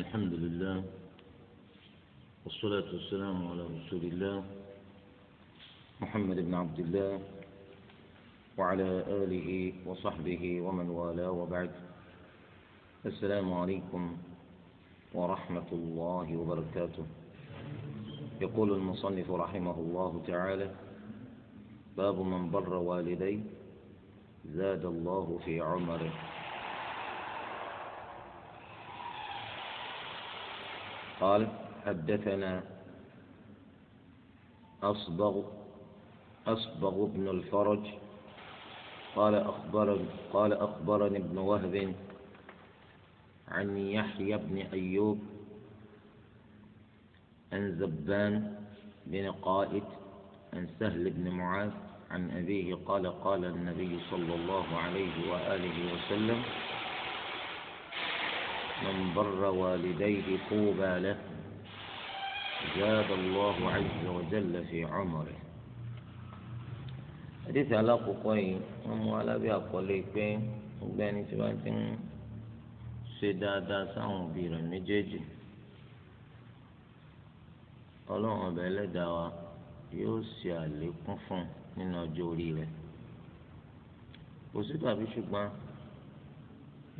الحمد لله والصلاة والسلام على رسول الله محمد بن عبد الله وعلى آله وصحبه ومن والاه وبعد السلام عليكم ورحمة الله وبركاته يقول المصنف رحمه الله تعالى باب من بر والديه زاد الله في عمره قال حدثنا أصبغ أصبغ بن الفرج قال أخبرني قال أخبرني ابن وهب عن يحيى بن أيوب عن زبان بن قائد عن سهل بن معاذ عن أبيه قال قال النبي صلى الله عليه وآله وسلم من بر والديه طوبى له زاد الله عز وجل في عمره حديث على قوي ọmọ alábí àkọlé pé ọ̀gbẹ́ni tí wọn ti ń ṣe dáadáa sáwọn òbí rẹ̀ méjèèjì Ọlọ́run ọbẹ Ẹlẹ́dàá wa yóò ṣe àlékún fún nínú ọjọ́ orí rẹ̀ kò sí tàbí ṣùgbọ́n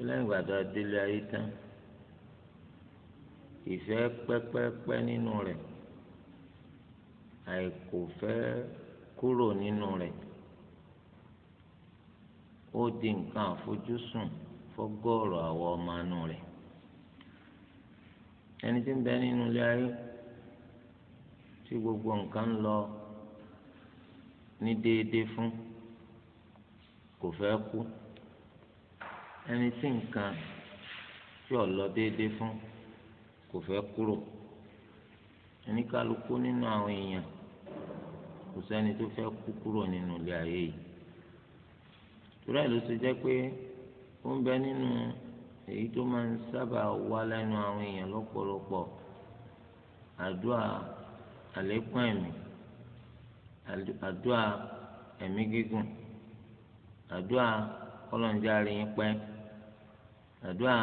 ilé ìgbàdá délé ayé tán ìfẹ́ pẹ́pẹ́pẹ́ nínú rẹ̀ àìkò fẹ́ kúrò nínú rẹ̀ ó di nǹkan àfojúsùn fọ́gọ́rọ̀ àwọn ọmọ inú rẹ̀ ẹni tí ń bẹ nínú ilé ayé tí gbogbo nǹkan ń lọ ní déédéé fún kò fẹ́ kú ẹni tí nǹkan tí ò lọ déédéé fún. kò fẹ́ kúrò oníkálukú nínú àwọn èèyàn kò sẹ́ni tó fẹ́ kú kúrò nínú ilé ayé yìí tura ló o jẹ́ pé ó ń bẹ nínú èyí tó máa ń sábà wá lẹ́nu àwọn èèyàn lọ́pọ̀lọpọ̀ àdúrà àlékún ẹ̀mí àdúrà ẹ̀mí gígùn àdúrà ọlọ́njẹ́ àríyìn pẹ́ àdúrà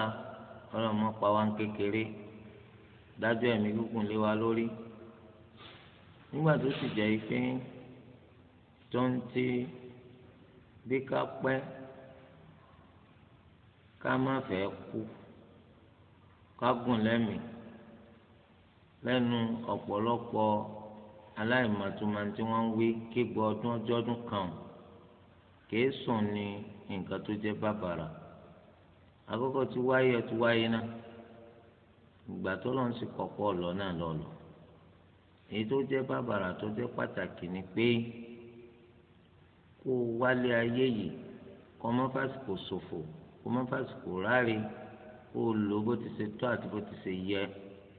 ọlọ́mọpàá wa ń kékeré. dájọ́ ẹ̀mí gígùn lé wa lórí nígbà tó sì jẹ́ pé tó ń ti bí ká pẹ́ ká má fẹ́ kú ká gùn lẹ́mìí lẹ́nu ọ̀pọ̀lọpọ̀ aláìmọ̀túnmọ̀ tí wọ́n ń wí kégbọ́ ọdún ọjọ́dún kan kìí sùn ní nǹkan tó jẹ́ bàbàrà àkọ́kọ́ tí wáyé tí wáyé náà ìgbà tó lọ́n sì kọ́kọ́ lọ náà lọ lọ èyí tó jẹ́ bàbàrà tó jẹ́ pàtàkì ni pé kó o wálé ayé yìí kó má fàsìkò ṣòfò kó má fàsìkò ráre kó o lò bó ti ṣe tó àti bó ti ṣe yẹ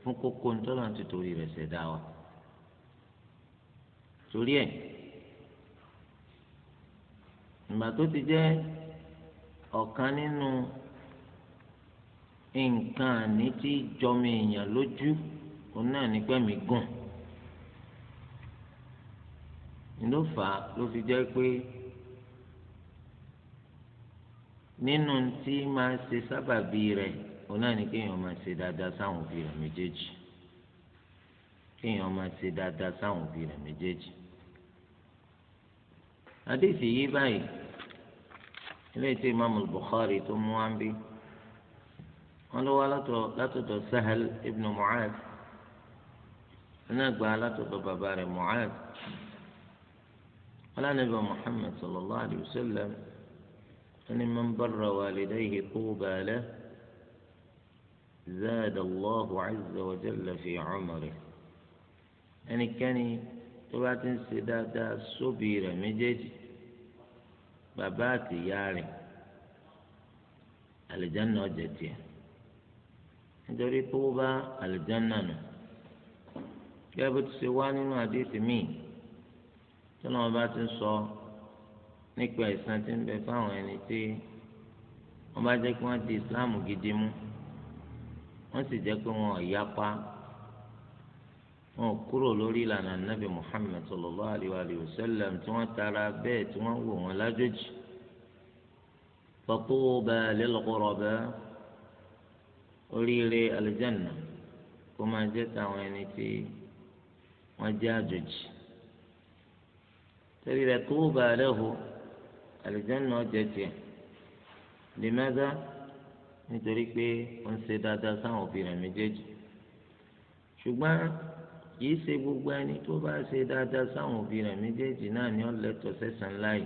fún kókó ńtọ́nà ti torí rẹ̀ ṣẹ̀dá wa torí ẹ̀ ìgbà tó ti jẹ́ ọ̀kan nínú. nǹkan àní tí jọmọ èèyàn lójú òun náà ní pẹ̀mí gùn ló fà á ló fi jẹ́ pé nínú tí máa ṣe sábàbí rẹ̀ òun náà ní kéèyàn máa ṣe dáadáa sáwọn òbí rẹ̀ méjèèjì kéèyàn máa ṣe dáadáa sáwọn òbí rẹ̀ méjèèjì àdéhìí yí báyìí ilé tí Imam Bukhari tó mú wá ń bí. wọ́n ló wá látọ̀dọ̀ sahel ibn mu'ad iná gba látọ̀dọ̀ bàbá rẹ̀ mu'ad alánàbà muhammed sallallahu alayhi wa sallam ẹni máa ń bára wàlídẹ́yìí kó bàálẹ́ zaada allahu azza wa jalla fi umri ẹnikẹ́ni tó bá ti ń ṣe dáadáa sóbì rẹ̀ méjèèjì bàbá àti ìyá rẹ̀ àlìjáná ọ̀jẹ̀ tiẹ̀. nítorí pé ó bá àlùjánnà nù gẹ́gẹ́ bó ti ṣe wá nínú àdéhùn míì tí wọ́n bá ti sọ nípa ìsan tí ń bẹ fáwọn ẹni tí wọ́n bá jẹ́ kí wọ́n di Islam gidi mú wọ́n sì jẹ́ pé wọn yapa wọn kúrò lórí ìlànà Nabi Muhammad sallallahu alayhi wa tí wọ́n tara bẹ́ẹ̀ tí wọ́n wò wọn lájòjì fatuba lil ghuraba oríire alìjẹ́nà kó máa jẹ́ tàwọn ẹni tí wọ́n jẹ́ àjòjì torí rẹ̀ tó bá rẹ̀ hù alìjẹ́nà jẹ́ tiẹ̀ lèmẹ́gá nítorí pé ó ń ṣe dáadáa sáwọn òbí rẹ̀ méjèèjì ṣùgbọ́n kìí ṣe gbogbo ẹni tó bá ṣe dáadáa sáwọn òbí rẹ̀ méjèèjì náà ni ó lẹ́tọ̀ọ́ sẹ́sàn láì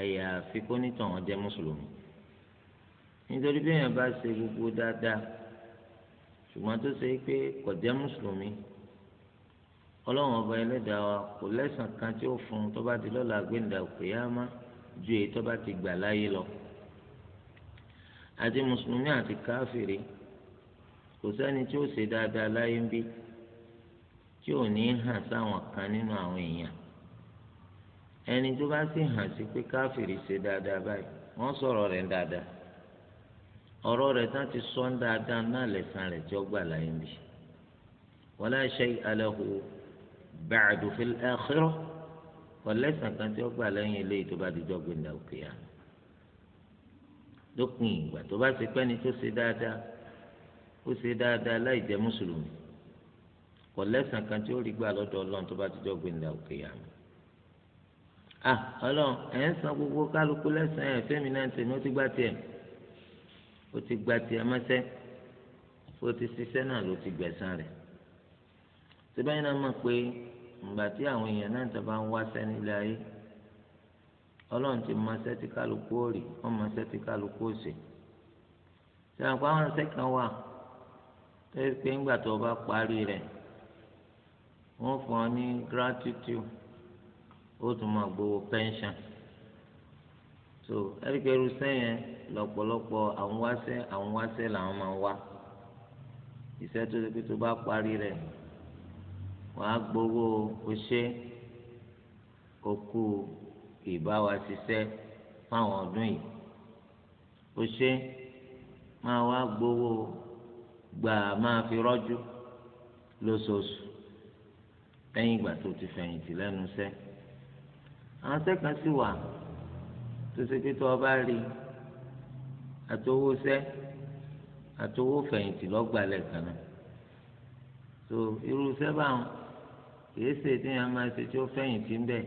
àyàfi kó nítàn wọn mùsùlùmí nítorí bí èèyàn bá ṣe gbogbo dáadáa ṣùgbọ́n tó ṣe pé kò jẹ́ mùsùlùmí ọlọ́run ọba ẹlẹ́dàá wa kò lẹ́sàn kan tí ó fún un tó bá ti lọ́la gbẹ̀ǹdà òkèèyàmá ju èyí tó bá ti gbà láyé lọ àti mùsùlùmí àti káfìrí kò sẹ́ni tí ó ṣe dáadáa láyé ń bí tí ò ní hàn sáwọn kan nínú àwọn èèyàn ẹni tó bá sì hàn sí pé káfìrí ṣe dáadáa báyìí wọ́n sọ̀rọ̀ rẹ̀ dáadáa ọ̀rọ̀ rẹ̀ tán ti sọ ń dáadáa náà lẹ́sàn rẹ̀ tí ó gbà láyé bì wala shay'a lahu ba'du fil akhirah kò lẹ́sàn kan tí ó gbà lẹ́yìn eléyìí tó bá di jọ́gbìn ní òkèèyà lópin ìgbà tó bá ti pẹ́ ni tó ṣe dáadáa ó ṣe dáadáa láì jẹ́ mùsùlùmí kò lẹ́sàn kan tí ó rí gbà lọ́dọ̀ ọlọ́run tó bá ti jọ́gbìn ní òkèèyà ah ọlọ́run ẹ̀ ń san gbogbo kálukú lẹ́sàn ẹ̀ fẹ́mi náà tèmi ó ti gbà tiẹ̀ o ti gba tiẹ̀ mọ́sẹ́ o ti ṣiṣẹ́ náà ló ti gbẹ̀san rẹ̀ síbẹ̀yìn náà mọ̀ pé ìgbà tí àwọn èèyàn náà tó bá ń wáṣẹ́ nílé ayé ọlọ́run ti mọṣẹ́ tí kálukú ó rì wọ́n mọṣẹ́ tí kálukú ó ṣe ṣe àpò àwọn ọ̀sẹ̀ kan wà tó yẹ pé ńgbà tó o bá parí rẹ̀ wọ́n fún ọ ní gratitude ó tún máa gbowó pension so ẹ̀ríkẹ́rù sẹ́yìn lọ́pọ̀lọpọ̀ àwọn wáṣẹ́ àwọn wáṣẹ́ làwọn máa wá iṣẹ́ tó ṣe pé tó bá parí rẹ̀ wọ́n á gbowó oṣé okú ìbáwa ṣiṣẹ́ fáwọn ọdún yìí oṣé máa wá gbowó gbà máa fi rọ́jú lóṣooṣù lẹ́yìn ìgbà tó ti fẹ̀yìntì lẹ́nu iṣẹ́ àwọn sẹ́kàn sì wà tó ṣe pé tó o bá rí i àtowó sẹ́ àtowó fẹ̀yìntì lọ́gbà lẹ́ẹ̀kan so irú sẹ́bà ń kìí ṣe tí yẹn máa ṣe tí ó fẹ̀yìntì ń bẹ̀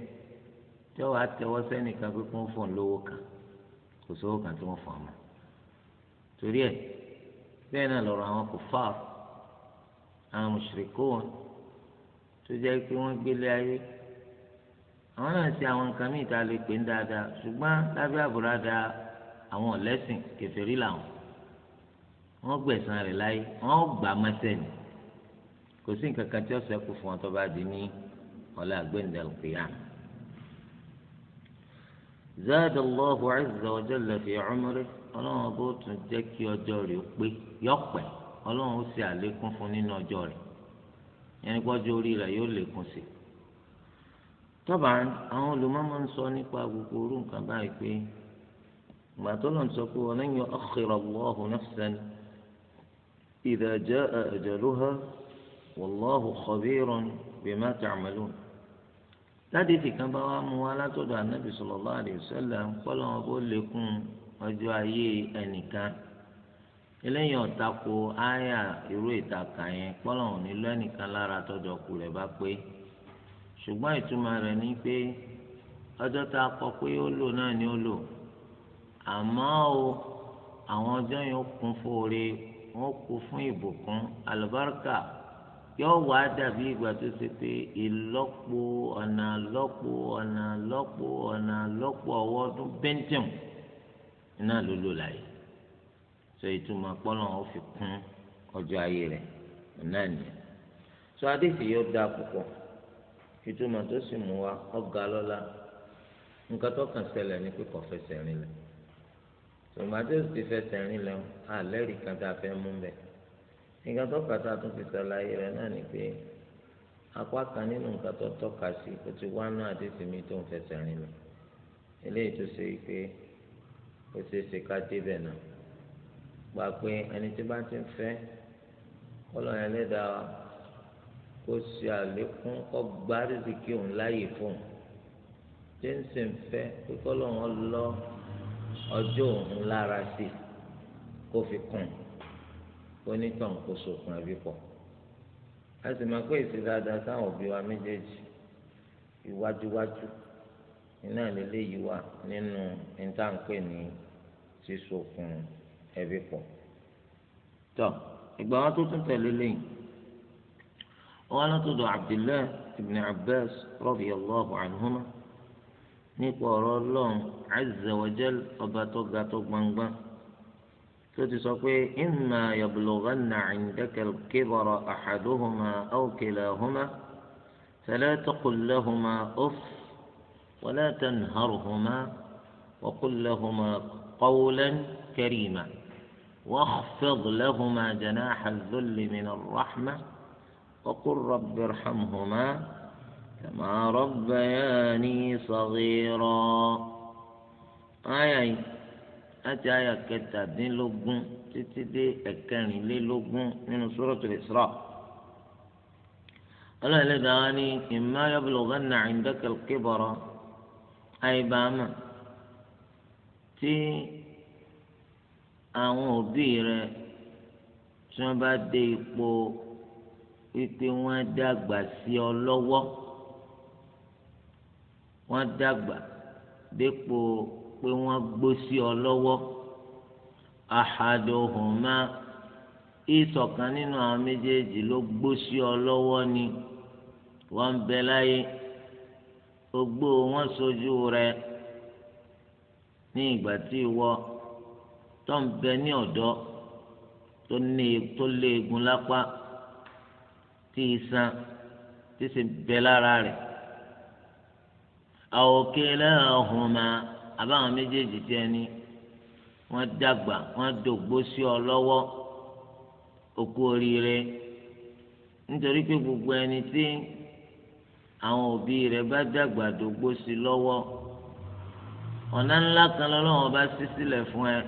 tí wàá tẹwọ́ sẹ́nìkan pé kó ń fọ̀n lówó kan kò sówó kan tí wọ́n fọ̀n mọ́ torí ẹ̀ bẹ́ẹ̀ náà lọ́rọ̀ àwọn kò fà àwọn mùsùlùkù wọn tó jẹ́ pé wọ́n gbélé ayé àwọn náà ṣe àwọn nǹkan míì tá a lè pè ń dáadáa ṣùgbọ́n lábẹ́ àbúradà àwọn ọ̀lẹ́sìn kèfèrí làwọn wọ́n gbẹ̀san rẹ̀ láyé wọ́n gbà mẹ́sẹ̀ ni kò sí nǹkan kan tí ó ṣẹ́kù fún ọ tó bá di ní ọ̀la àgbẹ̀ǹdà al-qiyam. zada Allahu azza wa jalla fi umrihi ọlọ́run bó tún jẹ́ kí ọjọ́ rẹ̀ pé yọ̀pẹ̀ ọlọ́run ó ṣe àlékún fún nínú ọjọ́ rẹ̀ yẹn ní pọ́jọ́ orí rẹ̀ yóò lékún sí i. àwọn olùmọ́mọ́ ń sọ nípa gbogbo orú nǹkan báyìí pé ما تلهم سكوا ومن يؤخر الله نفسا إذا جاء أجلها والله خبير بما تعملون láti fi kan bá wa mú wa látọ̀dọ̀ ànábì sallallahu alaihi wasallam kọ́lọ́wọ́n bó lékún ọjọ́ ayé ẹnìkan eléyìí ọ̀tá ko áyà irú ìtàkà yẹn kọ́lọ́wọ́n nílò ẹnìkan lára tọ́jọ́ kù rẹ̀ bá pé ṣùgbọ́n ìtumọ̀ rẹ̀ ni pé ọjọ́ tá a kọ pé ó lò náà ni ó lò àmọ́ o àwọn ọjọ́ yẹn ó kún fún oore wọ́n kún fún ìbùkún alùbáríkà yóò wá dàbí ìgbà tó ṣe pé ìlọ́po ọ̀nà lọ́po ọ̀nà lọ́po ọ̀nà lọ́po ọwọ́ ọdún bẹ́ńtẹ̀m iná ló lò láyé sọ ìtumọ̀ pọ́nà ó fi kún ọjọ́ ayé rẹ̀ náà nìyẹn sọ adéṣe yóò dáa púpọ̀ ìtumọ̀ tó sì mú wa ọ̀gá lọ́la nǹkan tó kàn ṣẹlẹ̀ ní pé fẹsẹ̀ rìn lẹ̀ tòmátòsì ti fẹsẹ̀ rìn lẹ́wọ̀n àlẹ́rìí kan tá a fẹ́ mú bẹ̀. nǹkan tó kà tá a tún fi ṣàlàyé rẹ̀ náà ni pé apá kan nínú nǹkan tó tọ́ka sí o ti wá náà àdéhùn mi tó ń fẹsẹ̀ rìn lọ. eléyìí tó ṣe pé ó ṣe é ṣe ká débẹ̀ náà. gbà pé ẹni tí bá ti ń fẹ́ kọ́lọ́ yẹn lẹ́dàá wa kó ṣe àlékún ọgbà rìsíkì òun láàyè fún un. jẹ́ńsì fẹ́ pé kọ́lọ́ wọn lọ́ọ́ ọjọ́ òun lára sí kó fi kùn kó nítàn kó sokùn ẹbí pọ̀ a sì máa pé èsì dáadáa sáwọn òbí wa méjèèjì iwájúwájú iná lélẹ́yìí wà nínú ìtànpé ní sísokùn ẹbí pọ̀ tọ́ ìgbà wọn tó tún tẹ̀lé lẹ́yìn wọn lọ́tọ̀dọ̀ Abdullah ibn Abbas radiyallahu anhuma. nípa ọ̀rọ̀ ọlọ́run azza wa ọba tó ga tó gbangban tó ti sọ pé imma yablughanna 'indaka al-kibara ahaduhuma aw kilahuma fala taqul lahuma uff wala tanharhuma wa qul lahuma qawlan karima واخفض لهما جناح الذل من الرحمة وقل رب ارحمهما كما ربياني صغيرا آية أتى آية كتابين لوغون تتدي أكاني لي لوغون من سورة الإسراء قال لداني إما يبلغن عندك الكبر أي بام تي àwọn òbí rẹ tí wọn bá dé ipò wípé wọn dàgbà sí ọ lọ́wọ́ wọ́n dàgbà dépò pé wọ́n gbó sí ọ lọ́wọ́ ahadohuma ìṣọ̀kan nínú àwọn méjèèjì ló gbó sí ọ lọ́wọ́ ni wọ́n ń bẹ láyé gbogbo wọn sojú rẹ ní ìgbà tí ìwọ tó ń bẹ ní ọ̀dọ́ tó ní tó lé egun lápá tí iṣan tí sì bẹ lára rẹ̀ àwòkélé ọ̀húnmá àbáwọn méjèèjì tí ẹni wọ́n dàgbà wọ́n dògbó sí ọ lọ́wọ́ òkú oríire nítorí pé gbogbo ẹni tí àwọn òbí rẹ̀ bá dàgbà dògbó sí lọ́wọ́ ọ̀nà ńlá kan lọ́lọ́wọ́ bá ṣí sílẹ̀ fún ẹ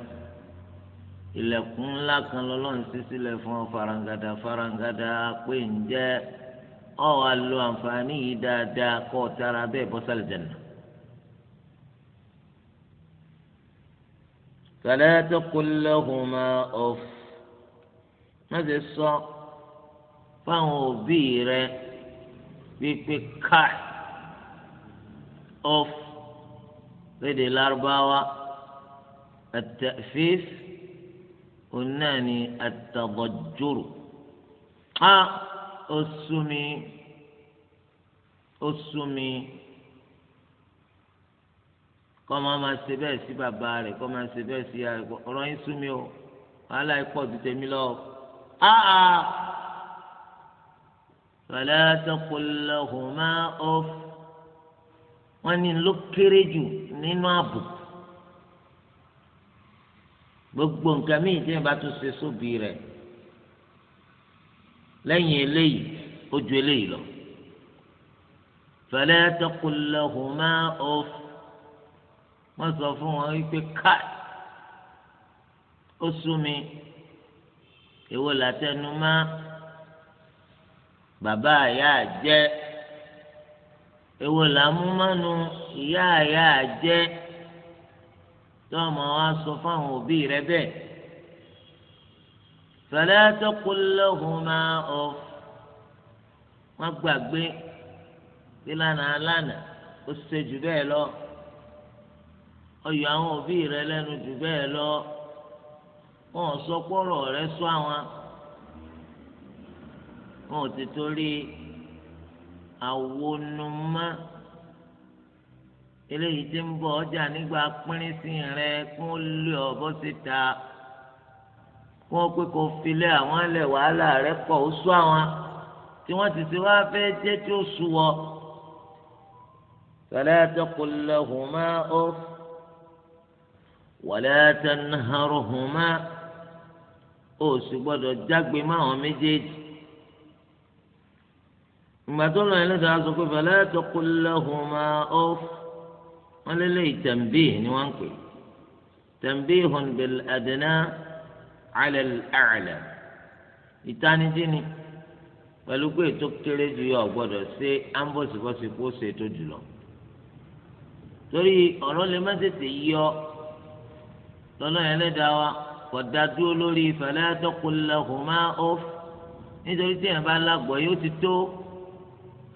ilẹ̀kùn ńlá kan lọ́lọ́wọ́ ń sílẹ̀ fún ọ farangada farangada pé ń jẹ́ ọ wà lo àǹfààní yìí dáadáa kọ́ ọ tara bẹ́ẹ̀ bọ́ sálẹ̀ jẹ̀nà. fala taqul lahuma uff má ṣe sọ fáwọn òbí rẹ pípé káì uff lédè lárúbáwá at-ta'fif ní at ó sú mi ó sú mi kọ́ máa ma ṣe bẹ́ẹ̀ sí bàbá rẹ̀ kọ́ máa ṣe bẹ́ẹ̀ sí ìyá rẹ̀ ọ̀rọ̀ yín sú o wàhálà yìí pọ̀ ju tèmi lọ. áà fala taqul lahuma uff wọ́n ní ló kéré jù nínú àbùkù gbogbo nǹkan míì tí yẹn ṣe sóbì rẹ̀ lẹ́yìn eléyìí ó ju eléyìí lọ. fala taqul lahuma uff wọ́n sọ fún wọn wípé káì ó sú mi èwo làtẹnu mọ́ bàbá àyà jẹ́ èwo làmúmánu ìyá àyà jẹ́ tọ́mọ wa sọ fáwọn òbí rẹ bẹ́ẹ̀. فلا تقل ọ má gbàgbé bí lánàá lánàá ó ṣe jù bẹ́ẹ̀ lọ ọyọ àwọn òbí rẹ lẹ́nu jù bẹ́ẹ̀ lọ wọn ò sọ pọ́rọ̀ rẹ sọ àwọn wọn ò ti torí àwonumá eléyìí ti ń bọ̀ ọjà nígbà pínrín sí rẹ kó lè ọ̀bọ síta. wọn pé kò filẹ àwọn alẹ wàhálà rẹ pọ̀ ó sú àwọn tí wọn ti ti wá fẹ́ jẹ tí ó sú wọ. فلا تقل لهما أف ولا تنهرهما ó sì gbọ́dọ̀ jágbe máwọn méjèèjì ìgbà tó lọ ẹlẹ́dàá á sọ pé fala taqul lahuma uff wọ́n lé lé ìtẹ̀m̀bì ni wọ́n ń pè tẹ̀m̀bì hùn bil adna ala al-a'la ìtanijí ni pẹ̀lú pé ètò kéré ju yọ gbọ́dọ̀ ṣe ámbọ̀sibọ́sí kó ṣe tó jùlọ torí ọ̀rọ̀ lè má tètè yọ lọ́nà ẹlẹ́dàá wa kò dá dúró lórí fala taqul lahuma uff nítorí tí èèyàn bá yóò ti tó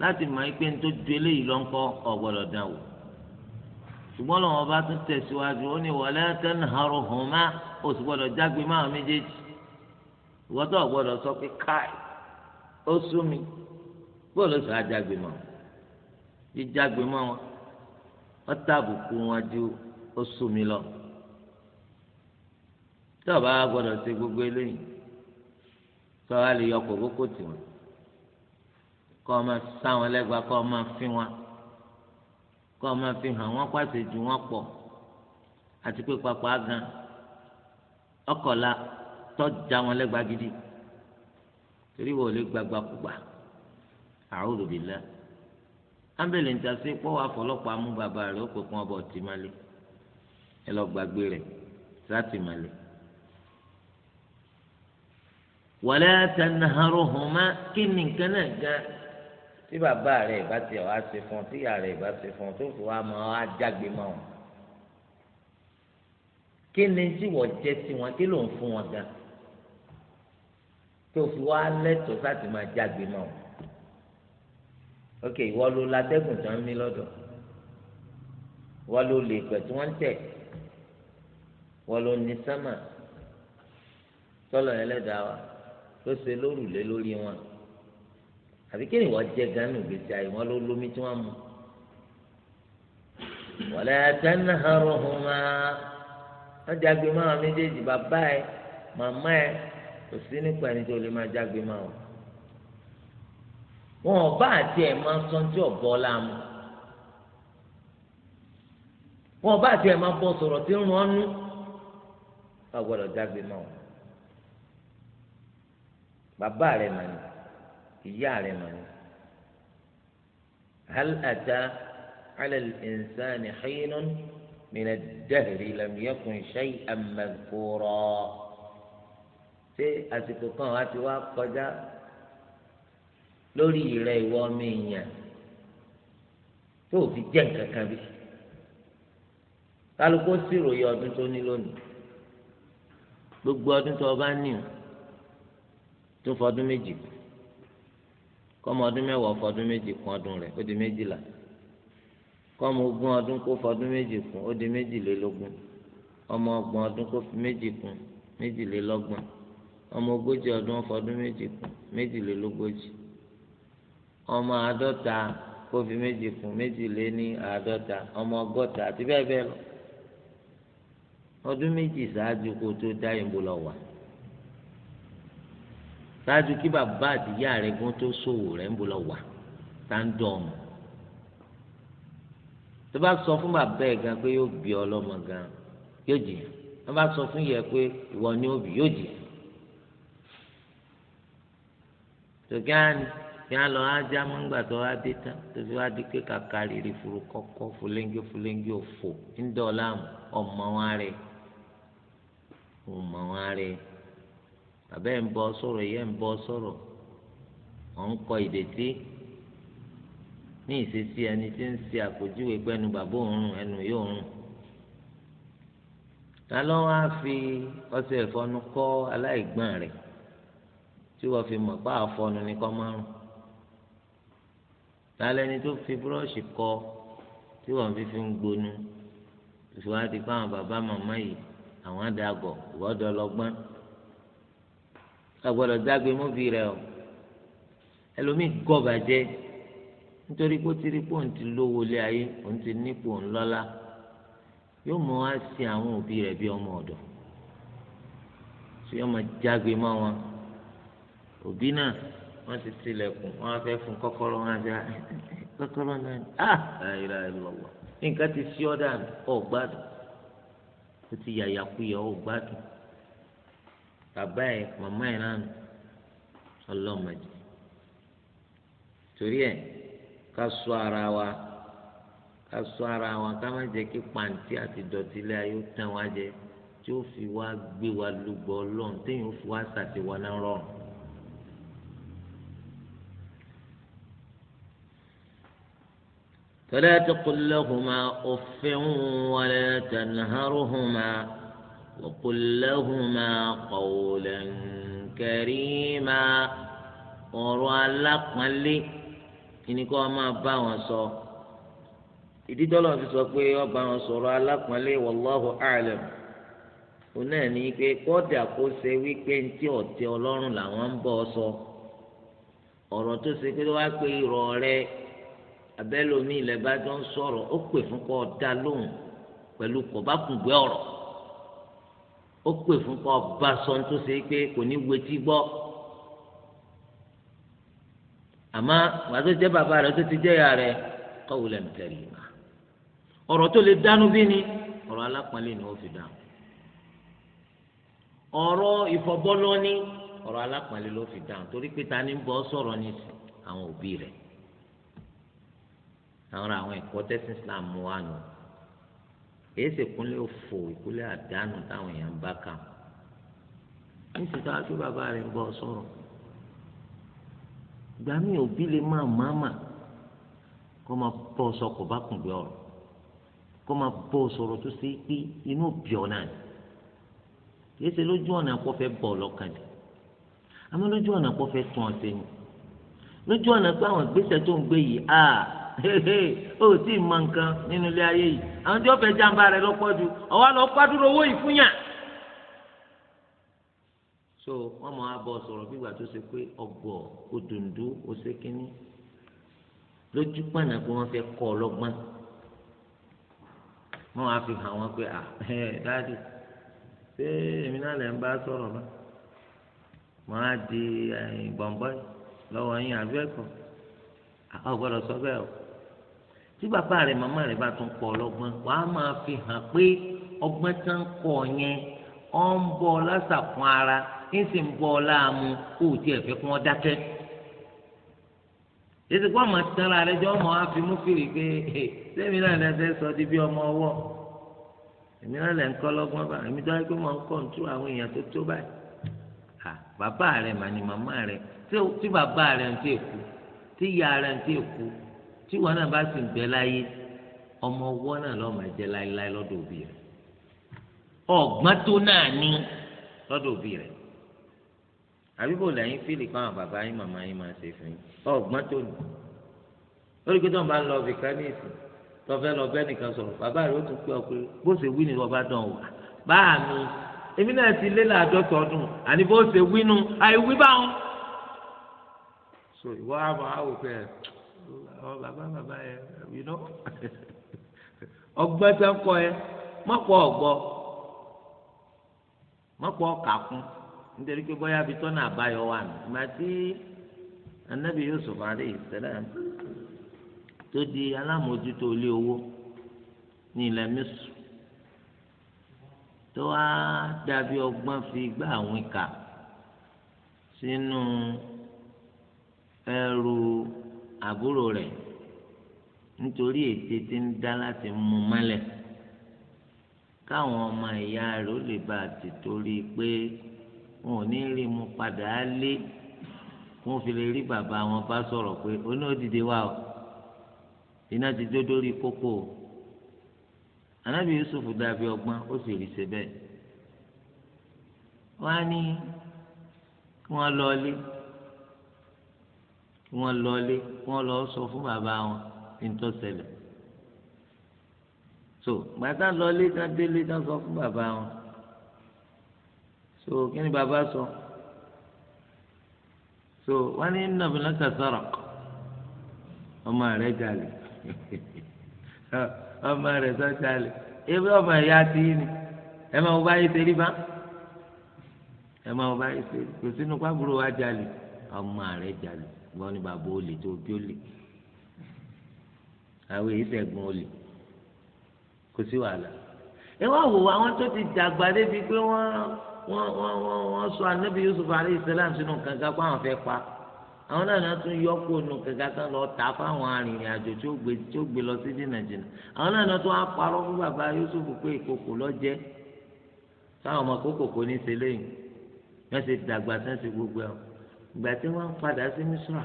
láti mọ̀ ẹ́ pé ju eléyìí lọ́nkọ́ ọ̀gbọ́dọ̀ dán ṣùgbọ́n lọ́wọ́ bá tún tẹ̀síwájú ó ní wala tanharuhuma ó sì gbọ́dọ̀ jágbe máa méjèèjì ìwọ́tọ̀ gbọ́dọ̀ sọ pé káì ó sú mi bóòlù sọ ajágbe mọ́ jíjágbe mọ́ wọn ó tàbùkù wọn ju ó sú mi lọ tí ọba gbọ́dọ̀ ṣe gbogbo eléyìí tí ọba lè yọ kókó tì wọn kọ́ ọ máa sá wọn lẹ́gbàá kọ́ ọ máa fín wọn kọ́ máa fi hàn wọ́n pàṣẹ jù wọ́n pọ̀ àti pé papà gan ọkọ̀la tọ́jà wọn lẹ́gbàá gidi torí wọ́n ò lè gbagba kùgbà a'udhu billah ámbẹ̀lẹ̀ ń tasí pọ́wọ́ àfọlọ́pàá mú bàbá rẹ̀ ó pè kún ọbọ̀ tì má lé ẹ lọ gbàgbé rẹ̀ láti má lé. wala tanharuhuma kí ni náà gan tí bàbá rẹ ìbá ti ọ̀ á ṣe fún ọ tí ìyá rẹ ìbá ṣe fún ọ tó fi wá mọ ọ á jágbe mọ wọn. kí ni tí wọ́n jẹ́ sí wọn kí ló ń fún wọn gan tó fi wá lẹ́tọ̀ọ́ láti máa jágbe mọ wọn. ok ìwọ ló latẹ́gùn tó ń mí lọ́dọ̀ ìwọ ló lè pẹ̀ tí wọ́n ń tẹ̀ ìwọ ló ní sánmà tọ́lọ̀ ẹlẹ́dàá wa ló ṣe lórùlé lórí wọn àbí kí ni wọ́n jẹ ganu gbèsè àyè wọn ló lómi tí wọ́n mu wala tanharuhuma wọ́n jágbe máa méjèèjì bàbá ẹ̀ màmá ẹ̀ kò sí nípa ẹni tó lè máa jágbe máa o wọn ò àti ẹ̀ máa sọ tí ò bọ́ láàmú wọn ò àti ẹ̀ máa bọ́ sọ̀rọ̀ tí ń rán nú wọ́n gbọ́dọ̀ jágbe máa o bàbá rẹ̀ màá ní ìyá rẹ̀ mọ̀ ni. hal ata ala al-insani hinun min ad-dahri lam yakun shay'an madhkura. ṣé àsìkò kan á ti wá kọjá lórí ìrẹ ìwọ ọmọ èèyàn tó fi jẹ́ nǹkan kan bí kálukó síròyìn ọdún tó ní lónìí gbogbo ọdún tó o bá ní o tó fọdún méjì kù kọ́mọ ọdún mẹ́wàá fọdún méjì kún ọdún rẹ̀ ó di méjìlá kọ́mọ ogún ọdún kó fọdún méjì kún ó di méjìlélógún ọmọ ọgbọ̀n ọdún kó fi méjì kún méjìlélọ́gbọ̀n ọmọ ogójì ọdún fọdún méjì kún méjìlélógójì ọmọ àádọ́ta kó fi méjì kún méjìléní àádọ́ta ọmọ ọgọ́ta àti bẹ́ẹ̀ bẹ́ẹ̀ lọ ọdún méjì ṣáájú kó tó dá ìbò lọ wà ṣáájú kí bàbá àtìyá rẹ gan tó ṣòwò rẹ ń bọ̀ lọ wà tá ń dọ̀ ọmọ tó bá sọ fún bàbá ẹ gan pé yóò bí ọlọ́mọ gan yóò jìyà tó bá sọ fún yẹ pé ìwọ ni ó bí yóò jìyà tòkí á ní kí á lọ ájá mọ́ngbà tó wá dé tán tó fi wá di pé kàkà rírì furu kọ́kọ́ fúlẹ́ńgé fúlẹ́ńgé òfò ń dọ̀ láàmú ọmọ wọn rẹ̀ ọmọ wọn rẹ̀ bàbá ẹ̀ ń bọ́ sọ̀rọ̀ ìyá ẹ̀ ń bọ́ sọ̀rọ̀ ọ̀ ń kọ ìdètí ní ìṣesí ẹni tí ń ṣe àpèjúwe pé ẹnu bàbá òun rùn ẹnu yóò rùn ta ló wá fi ọṣẹ ìfọnu kọ́ aláìgbọ́n rẹ̀ tí wọ́n fi mọ̀ pé àfọnu ni kọ́ máa rùn ta lẹni tó fi búrọ́ọ̀ṣì kọ́ tí wọ́n fi fi ń gbónú ìṣòwò àti pé àwọn bàbá màmá yìí àwọn àdàgọ̀ ìwọ́dọ̀ lọ́gbọ́n agbọ́dọ̀ dágbe múvi rẹ o ẹlòmíì gọbàjẹ́ nítorí pé ó ti rí pé òun ti lówó lé ayé òun ti nípò ńlọ́lá yóò mọ wá sí àwọn òbí rẹ bí ọmọ ọ̀dọ̀ tí yóò mọ jágbe mọ́ wọn òbí náà wọ́n ti tilẹ̀kùn wọ́n á fún kọ́kọ́rọ́ wọn á fẹ́ náà ni ah ayélujára ẹ lọ́wọ́ nǹkan ti sí ọ́ dànù ọ̀ gbádùn ó ti yàyà kuyà ọ̀ gbádùn. bàbá ẹ màmá ẹ náà torí ẹ ká ṣọ́ ara wa ká ṣọ́ ara wa ká má jẹ́ kí pàǹtí àti dọ̀tí ilé ayé ó wá jẹ tí ó fi wá gbé wa lúgbọ Ọlọ́run téèyàn ó fi wá ṣàtiwá náà rọrùn. فلا تقل لهما ولا تنهرهما وقل لهما قولا كريما ọ̀rọ̀ alápọ̀nlé kíni kọ́ ìdí tọ́lọ́ fi sọ pé ọba wọn sọ̀rọ̀ òun náà ní pé ọlọ́run làwọn sọ ọ̀rọ̀ tó ṣe pé wá pé irọ́ rẹ abẹ́lómi ilẹ̀ bá jọ ń sọ̀rọ̀ ó pè fún kọ́ lóhùn pẹ̀lú ó pè fún kọ́ ọba sọ́n tó ṣe pé kò ní wetí gbọ́ àmọ́ wàá tó jẹ́ bàbá rẹ̀ tó ti jẹ́ ìyá rẹ̀ kọ́wé lẹ́nu tẹ̀lé ma ọ̀rọ̀ tó lè dánú bí ni ọ̀rọ̀ alápọ̀nlé ni ó fi dáhùn ọ̀rọ̀ ìfọ̀bọ́lọ́ ni ọ̀rọ̀ alápọ̀nlé ló fi dáhùn torí pé ta ni ń bọ́ sọ̀rọ̀ ní àwọn òbí rẹ̀ àwọn àwọn ẹ̀kọ́ tẹ́sí Islam wà nù. No èyí sì kúnlẹ̀ òfò ìkúnlẹ̀ àdánù táwọn èèyàn bá kà níṣẹ́ tó aṣọ bàbá rẹ̀ ń bọ́ sọ̀rọ̀ ìgbà mi òbí lè máa máàmà kó máa bọ́ ọ bá kùn bí ọ̀rọ̀ kó máa bọ́ ọ sọ̀rọ̀ tó ṣe pé inú òbí ọ̀ ni lójú ọ̀nà fẹ́ bọ̀ lọ́kàn dé àmọ́ lójú ó tí ì mọ nǹkan nínú ilé ayé yìí àwọn tí wọ́n fẹ́ jàǹbá rẹ̀ lọ́pọ̀ ju ọ̀wá lọ pàdúrà owó yìí fún yàn. so wọ́n mọ̀ abọ́ sọ̀rọ̀ fígbà tó ṣe pé ọgbọ̀ òdòǹdó òṣèkínní lójú pàànà pé wọ́n fẹ́ kọ́ ọlọ́gbọ́n wọ́n wá fi hàn wọ́n pé à ẹ dáàdì ṣé èmi náà lè ń bá sọ̀rọ̀ náà wọ́n á di gbọ̀ngbọ́n lọ́wọ́ yín àbí ẹ̀kọ́ àwọn gbọ́dọ̀ sọ bẹ́ẹ̀ o tí bàbá rẹ màmá rẹ bá tún kọ́ ọlọ́gbọ́n wà á máa fi hàn pé ọgbọ́n tí ń kọ́ yẹn ọ ń bọ lásàkún ara ń sì ń bọ láàmú kó o tiẹ̀ fẹ́ kí wọ́n dákẹ́ yìí kó ọmọ tẹ́lá rẹ jọ ọmọ àfimú fìrì pé sẹ́mi náà lẹ́sẹ̀ sọ di bí ọmọ ọwọ́ èmi náà lẹ́ ń kọ́ lọ́gbọ́n bá èmi tó wáyé pé mo ń kọ́ ń tú àwọn èèyàn tó tó báyìí bàbá rẹ màní màmá rẹ tí bàbá rẹ ń tẹ̀ kú tí ìyá rẹ ń tẹ̀ kú tí wọn náà bá sì ń bẹ láyé ọmọ ọwọ́ náà lọ́ọ́ máa jẹ́ láéláé lọ́dọ̀ òbí rẹ̀ ọ̀gbọ́n tó náà ní lọ́dọ̀ òbí rẹ̀ àbíkò lẹ́yìn fílì káwọn bàbá yín màmá yín máa ṣe fún yín ọ̀gbọ́n tó ní lórí pé tó ń bá lọ bìkan tó fẹ́ lọ bẹ́ẹ̀ nìkan sọ̀rọ̀ bàbá rẹ̀ ó tún pé ọkùnrin bó ṣe wí ni wọ́n bá dán wà báà mi èmi náà ti lé láàdọ́ta ọdún àní bó ṣe wí nu àìwí báwọn. so ìwọ àwọn àwòkẹ́ ẹ̀ ọ oh, bàbá bàbá yẹ you know ọgbọ́n tẹ́ kọ́ ẹ mọ́pọ̀ ọ̀gbọ́ mọ́pọ̀ ọ̀kàkún nítorí pé tọ́nà àbáyọ wà nù ìgbà tí yusuf alayhi salam tó di alámòójútó ilé owó ní ilẹ̀ tó wá dàbí ọgbọ́n fi gbá àwọn ìka sínú ẹrù. àbúrò rẹ̀ nítorí ète tí ń dá láti mú mọ́lẹ̀ káwọn ọmọ ìyá rẹ̀ ó lè bá a ti torí pé wọn ò ní rí mu padà á lé wọn fi lè rí bàbá wọn bá sọ̀rọ̀ pé oní òdìdí wa o iná ti dó dórí kókó o anábì Yusuf dàbí ọgbọ́n ó sì rí ṣe bẹ́ẹ̀ wọ́n á ní kí wọ́n lọ ilé kí wọ́n lọlé kí wọ́n lọ sọ fún bàbá wọn ní tó ṣẹlẹ̀ so gbàtà lọlé tán délé tán sọ fún bàbá wọn so kí ni bàbá sọ so wọ́n ní nàbìlà kàtàrà ọmọ rẹ̀ jalè ọmọ rẹ̀ sọ jalè ebi ọmọ ẹ̀yà tí ni ẹ máa wọ báyìí ṣe rí bá ẹ máa wọ báyìí ṣe kò sínú pàbùrò wa jalè ọmọ rẹ̀ jalè wọn ni bàbá olè tó bí olè àwọn èyí tẹ̀gbọ́n olè kò sí wàhálà ẹ wá wò àwọn tó ti dàgbà débi pé wọ́n wọ́n wọ́n wọ́n wọ́n sọ anábì Yusuf alayhi salam sínú kankan kó àwọn fẹ́ pa àwọn náà náà tún yọ kó nu kankan kan lọ tà fáwọn arìnrìn àjò tí ó gbé tí ó gbé lọ sí dínà jìnnà àwọn náà náà tún á parọ́ fún bàbá Yusuf pé ìkòkò lọ jẹ́ táwọn ọmọ kókò kò ní í ṣe lẹ́yìn wọ́n ti dàgbà sẹ́ńsì gbogbo ẹ̀ ìgbà tí wọ́n padà sí misra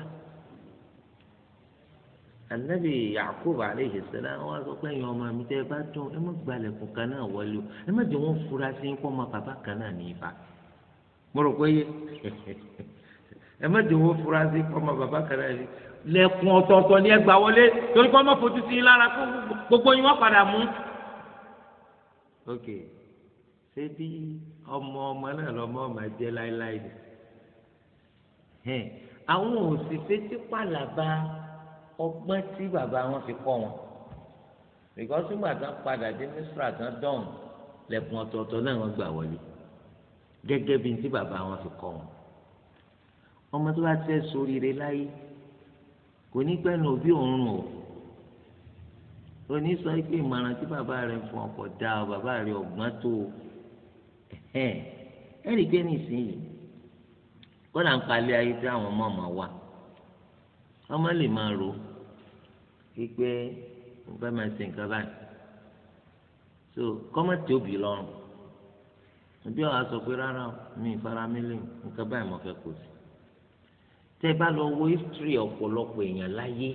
anabi yakub aleyhi salam wọ́n sọ pé ẹ̀yin ọmọ mi tẹ ẹ bá dùn ẹ má gbalẹ̀kùn kan náà wọlé o ẹ má jẹ wọ́n fura sí kó ọmọ bàbá kan náà ní ibà mo rò pé ẹ má jẹ wọ́n fura sí kó ọmọ bàbá kan náà ní lẹ̀kùn ọ̀tọ̀ọ̀tọ̀ ni ẹ gbà wọlé torí kó ọmọ fojú sí i lára kó gbogbo yín wọ́n padà mú. ok ṣé bí ọmọ ọmọ náà lọmọ ọmọ jẹ láéláé ni àwọn òṣìṣẹ́ tí pàlàbà ọgbọ́n tí bàbá wọn fi kọ́ wọn because nígbà tán padà dé mísírà tán dọ̀hún lẹ́kùn ọ̀tọ̀ọ̀tọ̀ náà wọ́n gbà wọlé gẹ́gẹ́ bíi tí bàbá wọn fi kọ́ wọn ọmọ tó bá tẹ́ sóríire láyé kò ní gbẹ́nu òbí òórùn o ò ní sọ pé ìmọ̀ràn tí bàbá rẹ̀ fún ọkọ̀ dá o bàbá rẹ̀ ọ̀gbọ́n tó o ẹ̀ẹ́dẹ́gbẹ́ nìsín yìí kọ́lá ń palẹ̀ ayé tí àwọn ọmọ ọmọ wa ọmọ lè máa rò wípé mo fẹ́ máa ṣe nǹkan báyìí so kọ́mọ̀tì òbí lọ́rùn òbí ọ̀hà sọ pé rárá mi ìfara mi lè nǹkan báyìí mo fẹ́ kó sí tẹ́ bá lọ wo history ọ̀pọ̀lọpọ̀ èèyàn láyé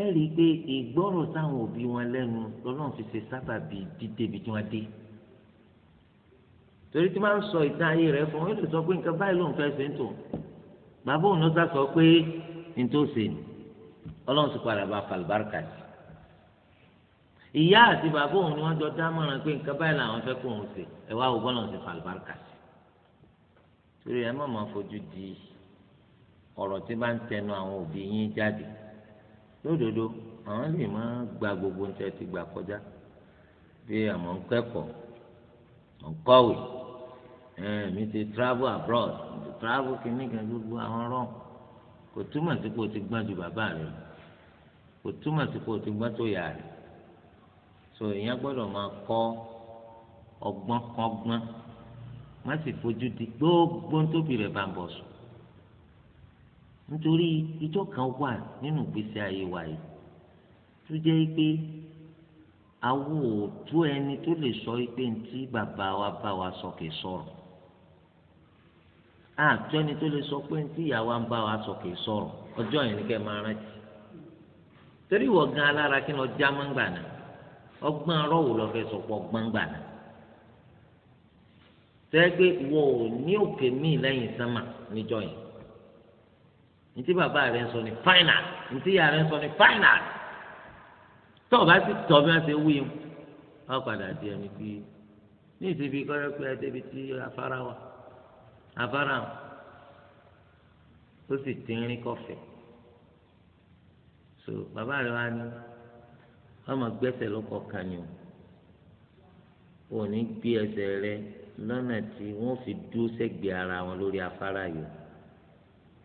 ẹ rí i pé ìgbọ́rọ̀ sáwọn òbí wọn lẹ́nu lọ́nà fi ṣe sábàbí dídébi tí wọ́n dé torí tí máa ń sọ ìtàn ayé rẹ fún yóò lè sọ pé nǹkan báyìí ló ń fẹ́ ṣe ń tò bàbá òun ló sá sọ pé ní tó ṣe ni ọlọ́run sì padà bá falùbáríkà sí ìyá àti bàbá òun ni wọ́n jọ dámọ̀ràn pé nǹkan báyìí làwọn fẹ́ kó òun ṣe ẹ wá wo bọ́lá òun ṣe falùbáríkà sí torí ẹ má máa fojú di ọ̀rọ̀ tí bá ń tẹnu àwọn òbí yín jáde lódodo àwọn lè má gba gbogbo nǹkan tí gbà kọjá bí àwọn ń kẹ́kọ̀ọ́ ń kọ́wé mi ti travel abroad travel kìíní kan gbogbo àwọn ọ̀rọ̀ kò túmọ̀ sí pé o ti gbọ́n ju bàbá rẹ kò túmọ̀ sí pé o ti gbọ́n tó yà rẹ so èèyàn gbọ́dọ̀ máa kọ́ ọgbọ́n kọ́gbọ́n má sì fojú di gbogbo tóbi rẹ̀ bá ń bọ̀ sùn nítorí ijó kan wà nínú ìgbésí ayé wa yìí tó jẹ́ pé àwọn òtún ẹni tó lè sọ pé ntí bàbá wa bá wa sọ kìí sọ̀rọ̀ àtọ́ ah, ni tó lè sọ pé ní tí ń bá wa sọ sọ̀rọ̀ ọjọ́ yẹn ni kẹ́ máa rántí torí gan alára kí lọ já mọ́ngbà náà ọgbọ́n arọ́wò lọ fẹ́ sọ pọ̀ gbọ́ngbà náà tẹ́gbẹ́ ní òkè míì lẹ́yìn sánmà níjọ́ yẹn ní tí bàbá rẹ ní ní rẹ ní tó tọ́ bí wọ́n ti wí padà di abára ó sì tínrín kọfẹ so bàbá rẹ wá ní wọn máa gbẹ́sẹ̀ lọkọ kan ni o ò ní gbé ẹsẹ̀ rẹ lọ́nà tí wọ́n fi dúró sẹ́gbẹ̀ẹ́ ara wọn lórí afárá yìí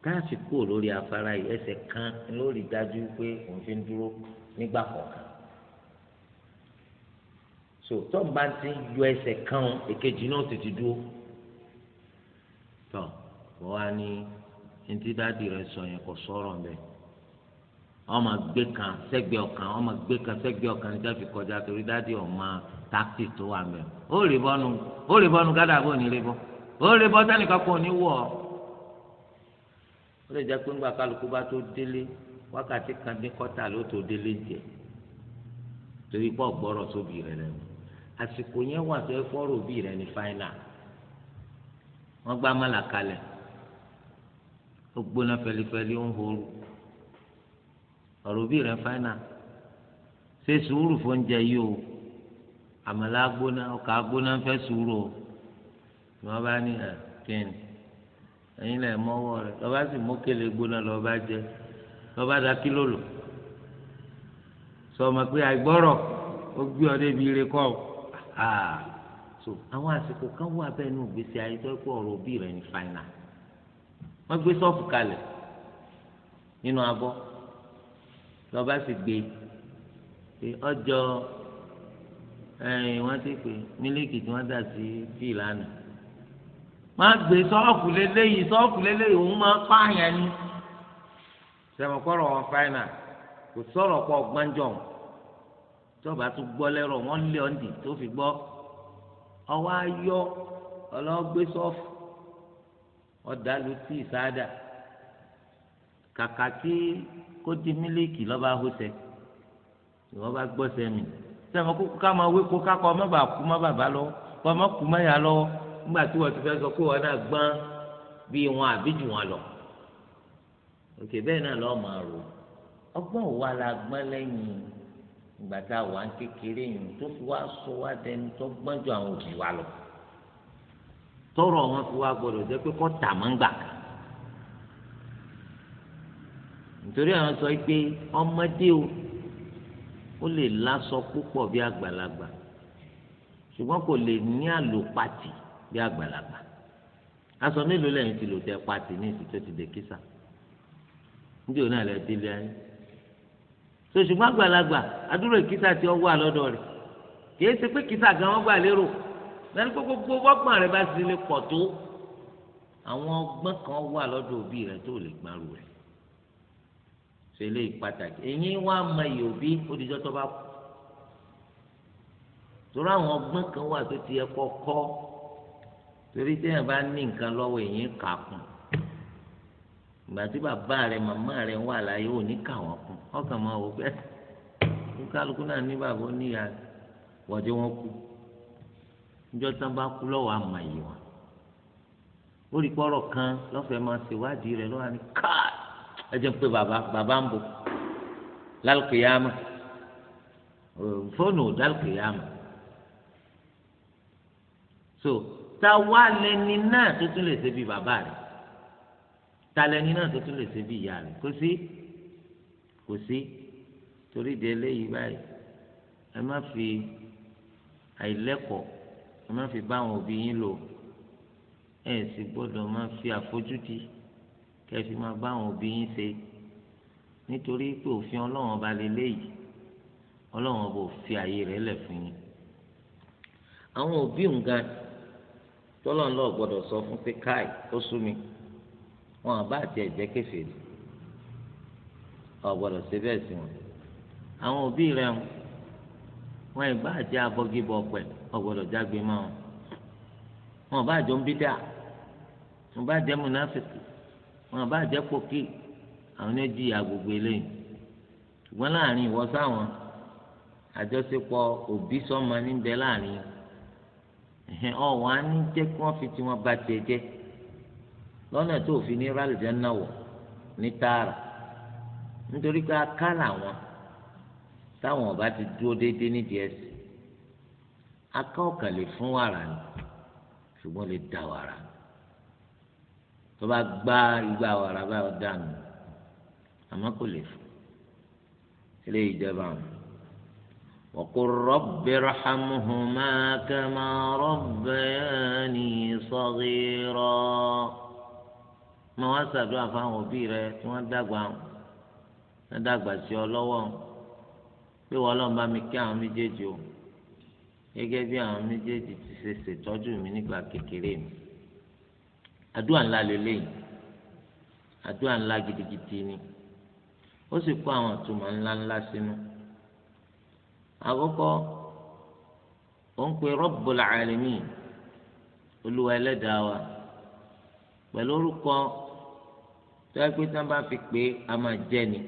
káàsì kúrò lórí afárá yìí ẹsẹ̀ kan lórí dájú pé òun fi ń dúró nígbà kọ̀ọ̀kan so tó ń bá ti yọ ẹsẹ̀ kan èkejì náà ti ti dúró wọ́n wá ní ntí dáàdi rẹ̀ sọ yẹn kò sọ̀rọ̀ mbẹ́ ọmọ gbé kan sẹ́gbẹ́ ọ̀kan ọmọ gbé kan sẹ́gbẹ́ ọ̀kan níta fi kọjá torí dáàdi ọ̀ma táktì tó wà mbẹ́ ó rí bọ́nu ó rí bọ́nu gádà bò ní rí bọ́ ó rí bọ́ sẹ́nìkan kò ní wọ̀ ó lè jẹ́ pé ńgbà kálukú bá tó délé wákàtí kan dín kọ́tà ló tó délé jẹ́ torí pọ̀ gbọ́rọ̀ sóbì rẹ̀ lẹ́nu àsìkò ó gbóná fẹlifẹli ó ń horú ọ̀rọ̀ òbí rẹ̀ fáínà ṣe sùúrù fóúnjẹ yìí o àmàlà gbóná ọkà gbóná fẹ́ sùúrù o ni wọ́n bá ní ẹ̀ kíni ẹ̀yin lẹ̀ mọ́wọ́ rẹ̀ lọ́ba sì mókèlè gbóná lọ́ba jẹ lọ́ba da kílò lò sọ ma pé àìgbọ́rọ̀ ó gbé ọ débi ire kọ́ ọ so àwọn àsìkò kan wà bẹ́ẹ̀ ní ògbésí ayé tó kó ọ̀rọ̀ ní fáínà wọ́n gbé sọ́ọ̀fù kalẹ̀ nínú abọ́ lọ́ba sì gbé pé ọjọ́ wọ́n ti pè mílíkì tí wọ́n dà sí fíìlà nù máa gbé sọ́ọ̀fù lélẹ́yìí sọ́ọ̀fù lélẹ́yìí òun máa pààyàn ni sẹ̀mọ̀kọ́rọ̀ wọn fáìnà kò sọ̀rọ̀ pọ̀ gbọ́njọ́ tọ́ba tún gbọ́ lẹ́rọ̀ wọ́n lé ọ̀ǹdì tó fi gbọ́ ọwọ́ ayọ́ ọlọ́gbé ọ̀dà lu tí ìsáadà kàkà kí kó di mílíkì lọ́ba hóṣẹ́ ìwọ bá gbọ́ sẹ́mi sẹ́mi kókó ká máa wé kó kákọ́ má bàa kú má bàbá lọ́wọ́ kọ́ má kú má yà lọ́wọ́ nígbà tí wọ́n ti fẹ́ sọ pé wọ́n náà gbọ́n bí wọn àbí jù wọn lọ òkè bẹ́ẹ̀ náà lọ́ọ́ máa rò ọgbọ́n wa la gbọ́n lẹ́yìn ìgbà tá a wà ń kékeré yìí tó fi wá sọ wá dẹni tó gbọ́n ju àwọn òbí wa lọ. tọrọ wọn fi wá gbọ́dọ̀ jẹ́ pé kọ tà mọ ń gbà kan o ó lè lásọ púpọ̀ bí àgbàlagbà ṣùgbọ́n kò lè ní àlòpàtì bí àgbàlagbà aṣọ mélòó lẹ́yìn ti lò tẹ pàtì ní ìsìn tó ti dé kísà níbi òun náà lè délé ayé so ṣùgbọ́n àgbàlagbà adúrò kísà tí ó wà lẹ́nu pé gbogbo ọgbọ́n rẹ bá ti lè pọ̀ tó àwọn ọgbọ́n kan wà lọ́dọ̀ òbí rẹ tó lè gbàrú rẹ ṣẹlẹ̀ pàtàkì èyí wà mọ iye òbí odijọ́ tó bá kú torí àwọn ọgbọ́n kan wà tó ti yẹ kọ́kọ́ torí téèyàn bá ní nǹkan lọ́wọ́ èyí kà kún ìgbà tí bàbá rẹ màmá rẹ wà láyé ò ní kà wọ́n kún ọkàn máa wò pé kálukú náà ní bàbá ó wọ́n tí wọ́n kú níjọ́ tí wọ́n bá kú lọ́wọ́ àmọ́ yìí wọn ó rí pọ́rọ̀ kan lọ́fẹ̀ẹ́ máa ṣèwádìí rẹ̀ lọ́wọ́ ni káà ẹ jẹ́ pé bàbá bàbá ń bọ̀ lálùkìyàmà fóònù dálùkìyàmà so ta wá lẹni náà tó tún lè ṣe bí bàbá rẹ̀ ta lẹni náà tó tún lè ṣe bí ìyá rẹ̀ kò sí kò sí torí de eléyìí báyìí ẹ má fi àìlẹ́kọ̀ọ́ ẹ má fi bá àwọn òbí yín lò ẹ sì gbọ́dọ̀ má fi àfojúdi kẹ fi má bá àwọn òbí yín ṣe nítorí pé òfin ọlọ́run ọba lélẹ́yìí ọlọ́run ọba ò fi àyè rẹ̀ lẹ̀ fún yín àwọn òbí nǹkan tọ́lọ́n lọ́ọ́ gbọ́dọ̀ sọ fún pé káì ó sú mi wọn àbá àti ẹ̀jẹ̀ kẹfìrì ọ̀ gbọ́dọ̀ ṣe bẹ́ẹ̀ sí wọn àwọn òbí rẹ̀ wọn ìbá àti abọ́gibọ̀ pẹ̀lú ọ̀gbọ́dọ̀ jágbe mọ́ wọn wọn bá jọ ń bí dà wọn bá jẹ́ múnáfíkì wọn bá jẹ́ pòkì àwọn ní jìyà gbogbo eléyìí ṣùgbọ́n láàrin ìwọ sáwọn àjọṣepọ̀ òbí sọ́mọ níbẹ̀ láàrin ẹ̀hìn ọ̀wọ́n á ní jẹ́ kí wọ́n fi tiwọn bá tiẹ̀ jẹ́ lọ́nà tó fi ní rálìjẹ́ náà wọ̀ ní tààrà nítorí pé aká làwọn táwọn ọba ti dúró déédéé nídìí ẹ̀sìn akán ọ̀kàn lè fún wàrà ni ṣùgbọ́n lè da wàrà tó bá gbá igbá wàrà bá dànù àmọ́ kò lè fún ilé ìjọba wọn. وقل رب ارحمهما كما ربياني صغيرا ما واسع دعاء فهم وبيرة ثم دعوا ندعوا سيولوا بيقولوا ما مكان مجيجو gẹ́gẹ́ bí àwọn méjèèjì ti ṣe ṣètọ́jú mi nígbà kékeré mi àdúrà ńlá lélẹ́yìn àdúrà ńlá gidigidi ni ó sì kó àwọn àtúmọ̀ ńláńlá sínú àkọ́kọ́ ó ń pe Rabbul Alamin olúwa ẹlẹ́dàá wa pẹ̀lú orúkọ tó yẹ pé tá a bá fi pé a máa jẹ́ ni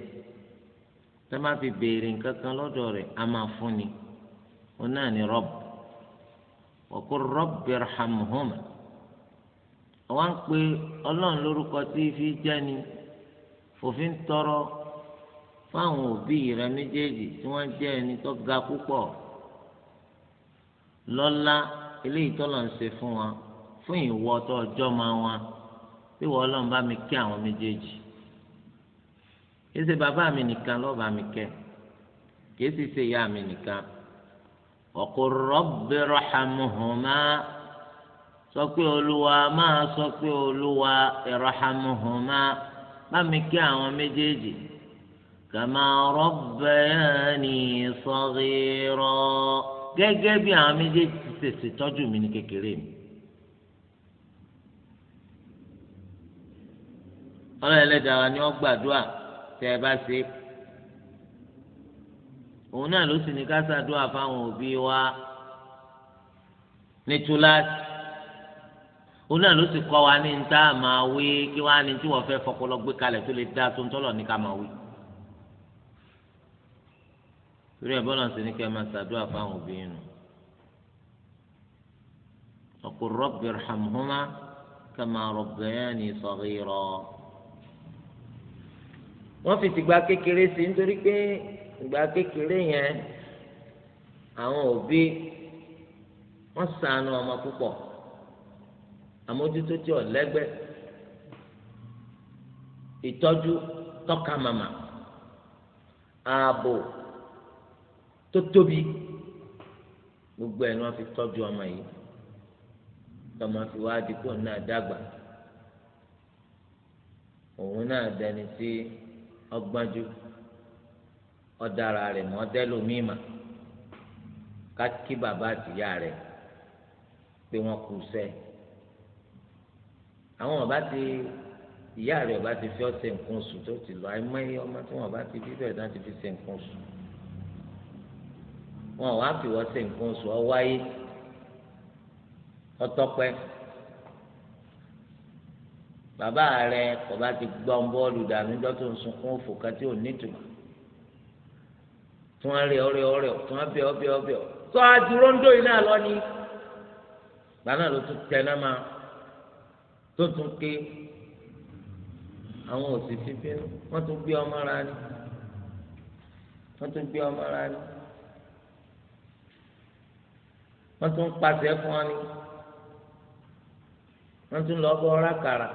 tá a bá fi béèrè nǹkan kan lọ́dọ̀ rẹ̀ a máa fún ni náà ni rọb ọkọ rọb irhamhuma àwọn ń pe ọlọ́run lórúkọ tí fi jẹ́ni òfin tọrọ fáwọn òbí rẹ méjèèjì tí wọ́n jẹ́ ẹni tó ga púpọ̀ lọ́lá eléyìí tọ́lọ̀ ń ṣe fún wa fún ìwọ tó ọjọ́ máa wá bí wọ́n ọlọ́run bá mi kẹ́ àwọn méjèèjì kìí ṣe bàbá mi nìkan lọ́ọ́ bá mi kẹ́ kìí sì ṣe ìyá mi nìkan. وقل رب ارحمهما sọpé olúwa máa sọ pé olúwa irhamuhuma bá mi kí àwọn kama bí àwọn méjèèjì tètè tọ́jú mi ní kékeré mi. ni wọ́n gbàdúrà tẹ́ ẹ bá ṣe é. òun náà ló sì ní ká ṣàdúrà fáwọn òbí wa ní túláàsì òun náà ló sì kọ́ wa ní níta máa wí kí wọ́n ní tí wọ́n fẹ́ fọpọlọ gbé kalẹ̀ tó lè dá tó ń tọ́lọ̀ ní ká máa wí. torí ẹ̀ bọ́lá ń sìn kẹ́ máa ṣàdúrà fáwọn òbí yìí nù. وقل رب ارحمهما كما ربياني صغيرا wọ́n fi tìgbà kékeré sí nítorí pé ìgbà kékeré yẹn àwọn òbí wọ́n ṣàánú ọmọ púpọ̀ àmójútó tí ò lẹ́gbẹ́ ìtọ́jú tọ́ka màmá ààbò tó tóbi gbogbo ẹ̀ ni wọ́n fi tọ́jú ọmọ yìí tọmọ fi wá dikó náà dàgbà òun náà dẹni sí ọgbájú. Si ọ̀dàrà rẹ̀ mọ́ dẹ́lómìí mà ká kí bàbá àtìyá rẹ̀ pé wọ́n kú sẹ́ àwọn ọba ti ìyá rẹ̀ ọba ti fi ọ́ ṣe nǹkan oṣù tó ti lọ àìmọye ọmọ tí wọn ọba ti fi bẹ̀rẹ̀ náà ti fi ṣe nǹkan oṣù wọn wá fi wọ́n ṣe nǹkan oṣù ọ wáyé bàbá rẹ̀ ọba ti gbọ́n bọ́ọ̀lù dànù jọ́tò sunkún òfò kan tí ò nítumọ̀. tí wọ́n rẹ̀ ọrẹ ọ̀rẹ́ tí ọbịa ọbịa ọbịa ọ tó a dúró ń dòyìn náà lọ ni nke ló tún tẹná máa tó tún ké àwọn òsì fífínú wọ́n tún gbé ọmọ ara ni wọ́n tún gbé ọmọ ara ni wọn tún pàṣẹ lọ bọ kàrà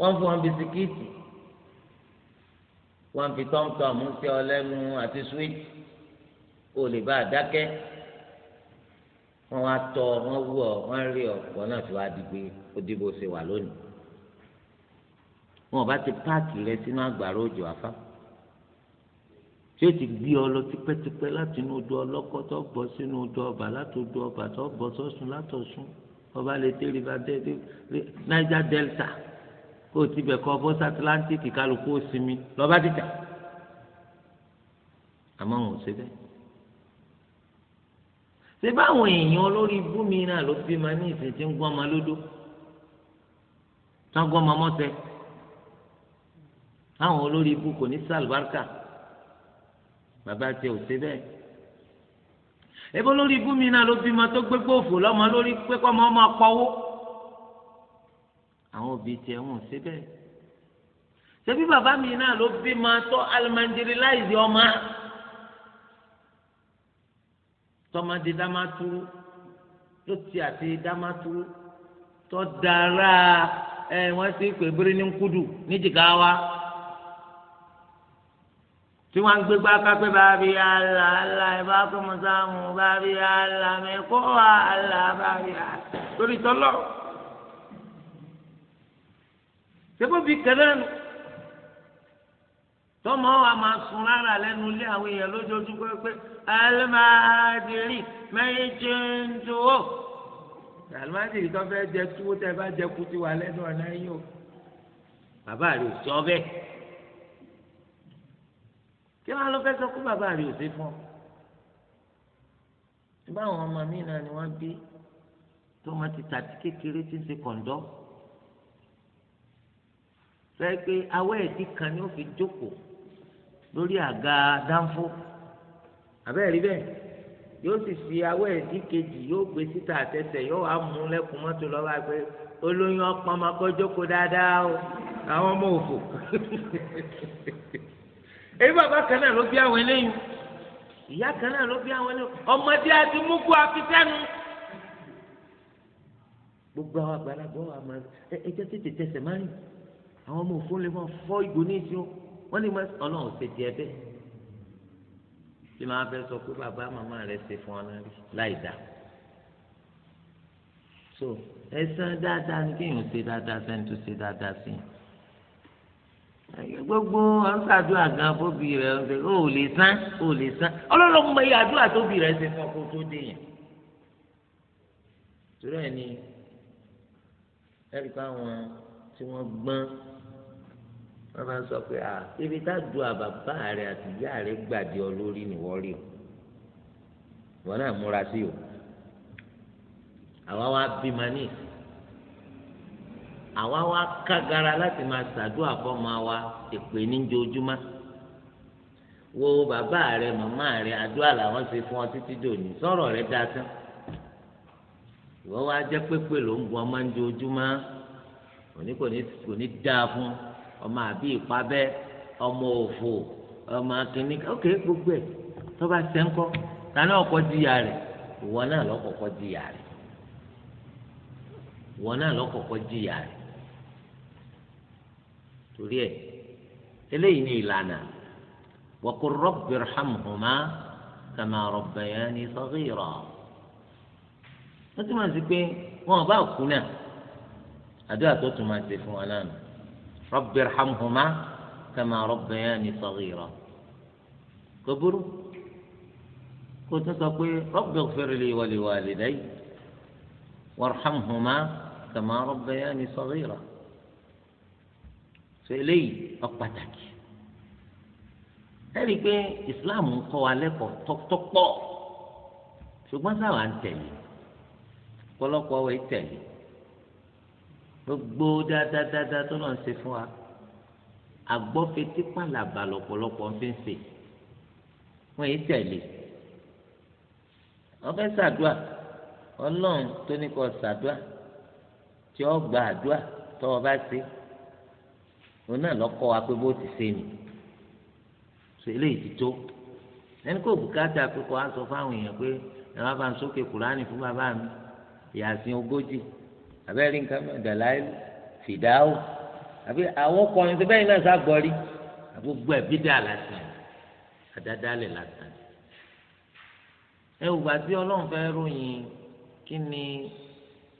wọ́n fún wọn bisikíìtì wọ́n fi tọ́mtọ́m sí ọ lẹ́nu àti súwìtì kó o lè bá a dákẹ́ wọ́n wá tọ́ wọ́n wú ọ wọ́n rí ọ wọ́n náà fi wá di pé ó dìbò ṣe wà lónìí wọn ò bá ti páàkì rẹ sínú àgbàrá òjò afá tí ó ti gbé ọ lọ tipẹ́tipẹ́ láti inú odò ọlọ́kọ́ tó bọ́ sínú odò ọba láti odò ọba tó bọ́ sọ́sùn látọ̀sùn ọba lè tẹ́lẹ̀ bá dé Niger Delta ó ti bẹ̀ kọ́ bọ́sí atlantiki kálukú ó sinmi lọ́ba dìjà àmọ́ wọn ò ṣe bẹ́ẹ̀. ṣé báwọn èèyàn olórí ibú mi náà ló fi máa ní ìsìn tí ń gbọ́n ọmọ lódó tán gbọ́n ọmọ mọ́sẹ̀ àwọn olórí ibú kò ní sàlùbáríkà bàbá tiẹ̀ ò ṣe bẹ́ẹ̀ ebo lórí ibú mi náà ló fi máa tó gbégbó òfò lọ́mọ lórí pé kọ́ ọmọ ọmọ akpọ́wó àwọn òbí tiẹ̀ wọn ò ṣe bẹ́ẹ̀ ṣebí bàbá mi náà ló bí máa tọ́ alimandiri láìsí ọmọ tọmọdé dámátúrú ló ti àti dámátúrú tọ́ dára ẹ wọ́n ti pè Birni Kudu ní Jigawa tí wọ́n gbé gbáka pé bàbí àlà àlà ìbá kọ́mọ́sáàmù bàbí àlà mẹ́kọ́ àlà bàbí àlà lórí tọ́lọ́rọ̀ sẹ́kọ̀bì kẹrẹ́nu tọmọ wa máa sun rárá lẹ́nu ilé àwọn èèyàn lójoojúmọ́ pé alimadiri mẹ́jẹ̀ẹ́dúró alimadiri tó fẹ́ jẹ tuwo tẹ bá jẹ kuti wà lẹ́nu ọ̀nà yìí o bàbá rẹ̀ ò sọ bẹ́ẹ̀ kí wọn lọ fẹ́ sọ kó bàbá rẹ̀ ò sí fún ọ báwọn ọmọ mi náà ni wọ́n bí tó wọn ti tàbí kékeré tí ń ṣe kọ̀ńdọ́ lẹ́yìn pé awẹ́ ẹ̀dí kan ni ó fi jókòó lórí àga dánfó àbẹ́ẹ̀ rí bẹ́ẹ̀ yóò sì fi awẹ́ ẹ̀dí kejì yóò gbé síta àtẹsẹ̀ yóò wá mú lẹ́kùn mọ́tò lọ́wọ́ pé olóyún ọpọ́n máa kọ́ jókòó dáadáa o àwọn ọmọ òfò èyí bàbá kan náà ló bí àwọn eléyìí ìyá kan náà ló bí àwọn eléyìí ọmọdé àti múkú afisẹ́nu gbogbo àwọn àgbàlagbà wà máa ẹ ẹ jẹ́ tètè tẹsẹ̀ máa ń yìí àwọn ọmọ òfin lè máa fọ́ ìgò ní ìṣó wọ́n lè máa ọlọ́run ṣe tiẹ̀ bẹ́ẹ̀ tí màá fẹ́ sọ pé bàbá màmá rẹ̀ ṣe fún ọ náà rí láì dá so ẹ̀san dáadáa ni kéèyàn ṣe dáadáa sẹ́ni tó ṣe dáadáa sí i gbogbo ọ̀nsàdúrà gan fóbi rẹ̀ ọ̀sẹ̀ ó lè sán ó lè sán ọlọ́run mọ iye àdúrà tóbi rẹ̀ ṣe fún ọkọ tó dé yẹn torí ẹ̀ ni ẹ̀rí pé àwọn tí wọ́n gbọ́n wọ́n máa sọ pé à ibi tá a du àbàbà rẹ̀ àti ìyá rẹ̀ gbàdé ọ lórí nìwọ́ rí o ìwọ náà múra sí o àwa wa bí ma ní àwa wa kágara láti máa ṣàdúrà fọ́mọ wa èpè níjoojúmọ́ wo bàbá rẹ màmá rẹ àdúrà làwọn ṣe fún ọ títí dòní sọ̀rọ̀ rẹ dáa tán ìwọ wa jẹ́ pépè ló ń bu ọmọ níjoojúmọ́ òní kò ní dáa fún ọ ọmọ àbí ìpabẹ́ ọmọ òfò ọmọ akínní ok gbogbo ẹ̀ tọ́ba sẹ́ńkọ́ tani ọkọ̀ jìyà rẹ̀ ìwọ náà lọ́kọ̀ọ́kọ́ jìyà rẹ̀ ìwọ náà lọ́kọ̀ọ́kọ́ jìyà rẹ̀ torí ẹ̀ eléyìí ni ìlànà wa qur rabbi irhamhuma kama rabbayani saghira wọ́n ti máa ń sè pé wọ́n bá kú náà àdúrà tó tún máa ṣe fún wa lánàá. رب ارحمهما كما ربياني صغيرا كبر قلت تقول رب اغفر لي ولوالدي وارحمهما كما ربياني صغيرا فلي أقبتك ẹ̀rí إسلام ìsìláàmù ń kọ́ wa lẹ́kọ̀ọ́ tọ́pọ̀ ṣùgbọ́n sáwà ń tẹ̀lé ọ̀pọ̀lọpọ̀ wẹ̀ tẹ̀lé gbogbo dáadáa tó lọ́n ṣe fún wa àgbọ́fetí pàlàbà lọ́pọ̀lọpọ̀ ń fi ń ṣe wọ́n yìí tẹ̀lé wọ́n fẹ́ ṣàdúà ọlọ́run tó ní kọ́ ṣàdúà tí ó gba àdúà tọ́wọ́ bá ṣe òun náà lọ́kọ́ wa pé bó ti ṣe nì ṣe eléyìí ti tó ẹni kò bùkátà pé kọ́ á sọ fáwọn èèyàn pé ẹ̀rọ abáǹsókè kùránì fún bàbá mi ìyàsìn ogójì àbẹ́rẹ́ nǹkan mẹ́rin dàláì fìdáwò àbí àwọn kọrin tó bẹ́yìn náà ságbọ́rí àgbogbo ẹ̀ bídà lásán àdádálẹ̀ lásán. ẹ wò bá tí ọlọ́run fẹ́ ròyìn kí ni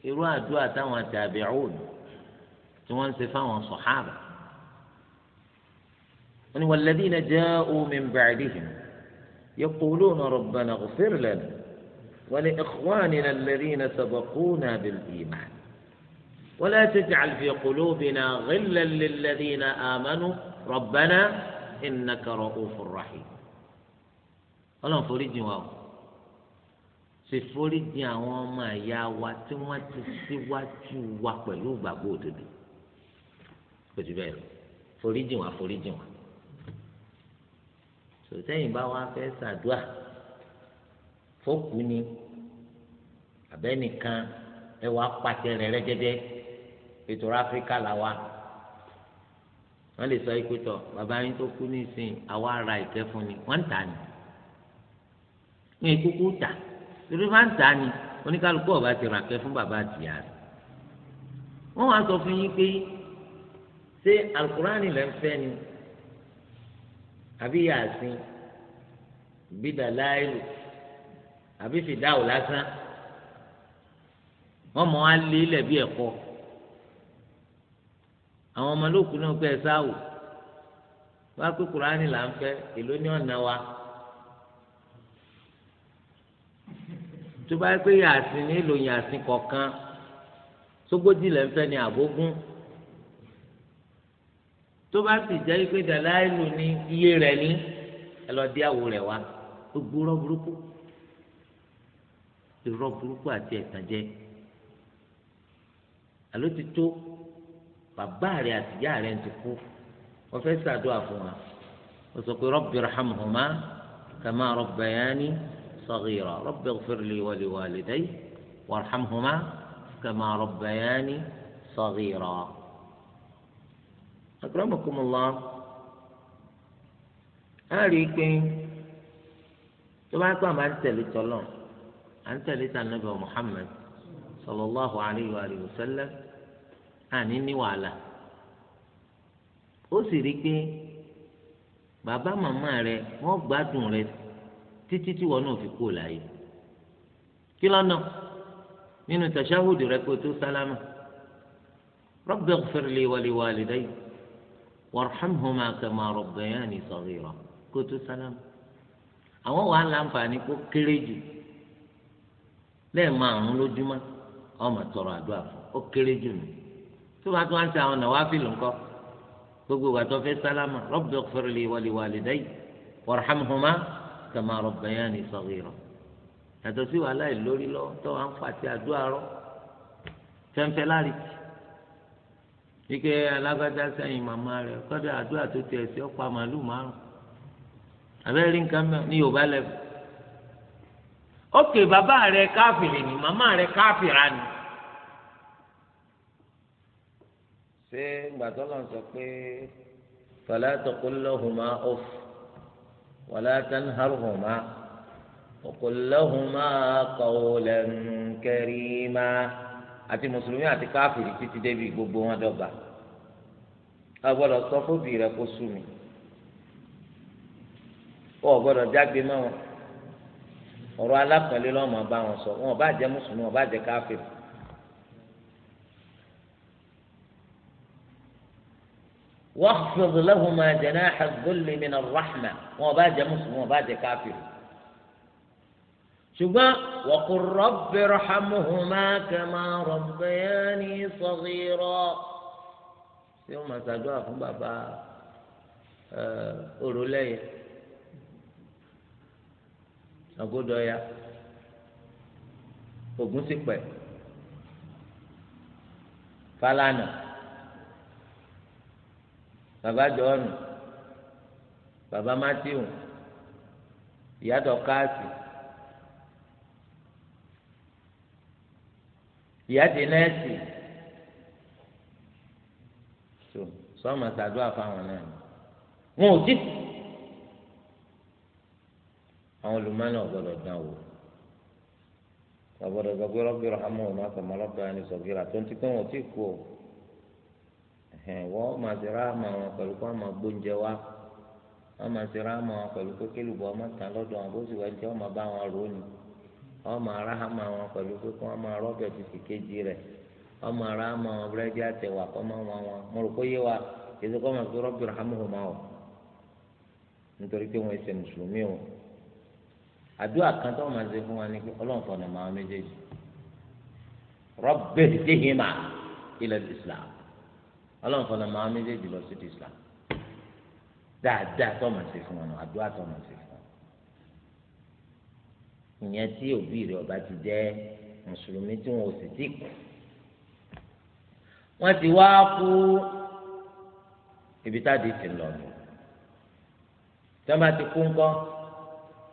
irú àdúrà táwọn tàbíùn tí wọ́n ń ṣe fáwọn sàhábà. wọ́n ní walladhina ja'u min ba'dihim yaquluna rabbana ighfir lana wa li ikhwanina alladhina sabaquna bil iman. ولا تجعل في قلوبنا غلا للذين آمنوا ربنا إنك رؤوف رحيم Ọlọ́run foríjì wa o ṣe foríjì àwọn ọmọ ẹ̀yà wa tí wọ́n ti síwájú wa pẹ̀lú ìgbàgbọ́ òdodo kò jù bẹ́ẹ̀ lọ foríjì wa foríjì wa sòtẹ́yìn bá wa fẹ́ ṣàdúà fókù ni àbẹ́nìkan ẹ wàá pàtẹ rẹ̀ rẹ́gẹ́dẹ́ ètò áfíríkà làwa wọ́n lè sọ pé tọ bàbá yín tó kú nísìnyí àwa ara ìkẹ́ fún ni wọ́n ń tà ní ní kúkú tà torí wọ́n ń tà ní oníkálukú ọba ti rà kẹ́ fún bàbá àtìyá rẹ̀ wọ́n wá sọ fún yín pé ṣé alukurani lẹ́ ń fẹ́ ni àbí yàásín bídàláìlù àbí fìdáwò lásán wọ́n mọ̀ á lé lẹ̀ bí ẹ̀kọ́ àwọn ọmọ lóòkù náà pé ẹ sáwò wá pé kùránì là ń fẹ́ èló ní ọ̀nà wa tó bá pé yàsìn nílò yàsìn kọ̀ọ̀kan sógójì lẹ́ ń fẹ́ ni àbógún tó bá sì jẹ́ pé dàláìlù ni iye rẹ̀ ní ẹ lọ dí àwò rẹ̀ wá gbogbo rọ́ burúkú irọ́ burúkú àti ẹ̀tàn jẹ àló ti tó bàbá rẹ̀ àti ìyá rẹ̀ ti kú wọ́n fẹ́ ṣàdúrà fún wa ó sọ pé rọbì rahamu rahamhuma kama rọbì rabbayani saghira rabbi ighfir li wa rahamu li walidayya warhamhuma kama rabbayani saghira. akramakumullah á rí i pé tó bá gbà máa ń tẹ̀lé tọ́lọ̀ à ń tẹ̀lé tànàbẹ̀ muhammed Muhammad sallallahu alayhi wa sallam. àní ní wàhálà ó sì rí i pé bàbá màmá rẹ wọ́n gbádùn rẹ títí tí wọn náà fi kú láyé kí lọ́nà nínú tàṣáhùdù rẹ kó tó sálámà rabbi ighfir li wa li walidayya warhamhuma kama rabbayani saghira kó tó sálámà àwọn wàá láǹfààní kó kéré jù lẹ́ẹ̀ márùn-ún lójúmọ́ ọmọ tọrọ àdúrà fún ó kéré jù nù tó bá tó wá ń ṣe àwọn nàwáfíìlì ńkọ́ gbogbo ìgbà tó fẹ́ sálámà rabbi ighfir li wa li walidayya warhamhuma kama rabbayani saghira yàtọ̀ sí wàhálà ìlórí lọ tó wà ń fàtí àdúrà rọ fẹ́ńfẹ́ láàrin tí ike alágbádá sẹ́yìn màmá rẹ̀ kọ́dà àdúrà tó tiẹ̀ sí ọ̀pá màlúù márùn abẹ́rẹ́ nǹkan mẹ́rin ní yorùbá lẹ́bù ókè bàbá rẹ̀ káfìrì ni màmá rẹ̀ káfìrà ni. ṣé gbàtọ́ lọ sọ pé fala taqul lahuma uff wala tanharhuma wa qul lahuma qawlan karima àti mùsùlùmí àti káfìrí títí débi gbogbo wọn dọ́gba a gbọ́dọ̀ sọ fóbi rẹ kó sú mi ó gbọ́dọ̀ jágbe mọ́ wọn ọ̀rọ̀ alápẹ̀lẹ́ lọ́mọ bá wọn sọ wọn ò bá jẹ́ mùsùlùmí wọn ò bá jẹ́ káfìrí. واخفض لهما جناح الذل من الرحمة wọn bá jẹ́ mùsùlùmí wọn bá jẹ́ káfíìrì ṣùgbọ́n وقل رب ارحمهما كما ربياني صغيرا ṣé wọn máa ṣàdúrà fún bàbá òrùlẹ́yìn àgódọ̀ya ògúnsípẹ̀ fálànà bàbá jọ́ọ̀nù bàbá mátíù ìyá dọ́kásì ìyá dínẹ́sì tó sọ́ọ̀mà ṣàdúrà fáwọn náà wọn ò dìkù àwọn olùmọ́nà ọ̀gbọ́dọ̀ dán wò ọ̀gbọ́dọ̀ sọ pé rọ́bì rọ́hámù ọ̀nà àtọ̀mọ́ rọ́bì rọ́hámù sọ̀gìrà tó ń ti pé wọn ò tí ì kú wọ́n máa ṣe ráàmù àwọn pẹ̀lú kó máa gbóúnjẹ wá wọ́n máa ṣe ráàmù àwọn pẹ̀lú kó kélùbọ́ ọmọ tán lọ́dọ̀ àwọn bó sì wẹ́ jẹ́ ọmọ bá wọn rò ní wọ́n máa ráàmù àwọn pẹ̀lú pé kó máa rọ́bẹ̀ kejì rẹ̀ wọ́n máa ráàmù àwọn búrẹ́dì àtẹ̀wà máa wọn wọn mo rò kó yé wa èso máa fi ọlọ́run fọlọ máa méjèèjì lọ sí ti islam dáadáa tọmọ sí fún wọn àdúrà tọmọ sí fún wọn ìyẹn tí òbí rẹ ọba ti jẹ mùsùlùmí tí wọn ò sì tí kù wọn ti wá kú ibi táàdì ti lọ nù tí ti kú ńkọ́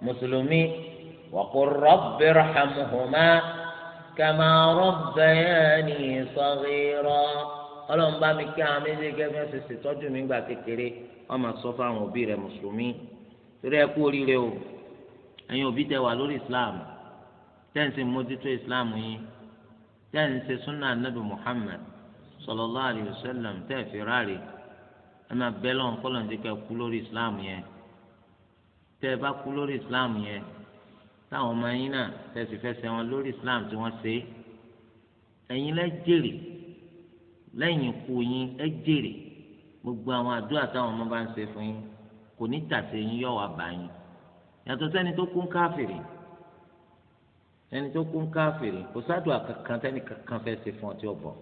mùsùlùmí wa qur rabbi rhamuhuma kama rabbayani saghira ọlọ́run bá mi kí àwọn méjèèjì gẹ́gẹ́ ṣe ṣètọ́jú mi gbà kékeré wọ́n máa sọ fáwọn òbí rẹ̀ mùsùlùmí torí ẹ kú oríire o ẹ̀yin òbí tẹ wà lórí islam tẹ́ǹsì mójútó islam yín tẹ́ǹsì sunna anabi muhammad sallallahu alayhi wa sallam tẹ́ǹfì ráàlì ẹ máa bẹ́ lọ́n kọ́lọ́n ti kẹ́ kú lórí islam yẹn tẹ́ ẹ bá kú lórí islam yẹn táwọn ọmọ yín náà tẹ̀sí fẹsẹ̀ wọn lórí islam tí wọ́n ṣe ẹ̀yin lẹ́ jèrè lẹ́yìn ikú yín ẹ jèrè gbogbo àwọn àdúrà táwọn ọmọ bá ń ṣe fún yín kò ní tàsé yín yọ̀ wá bá yín yàtọ̀ sẹ́ni tó kún káfìrì ẹni tó kún káfìrì kò sádùá kankan tẹ́ni kankan fẹ́ ṣe fún ọtí ọ̀bọ̀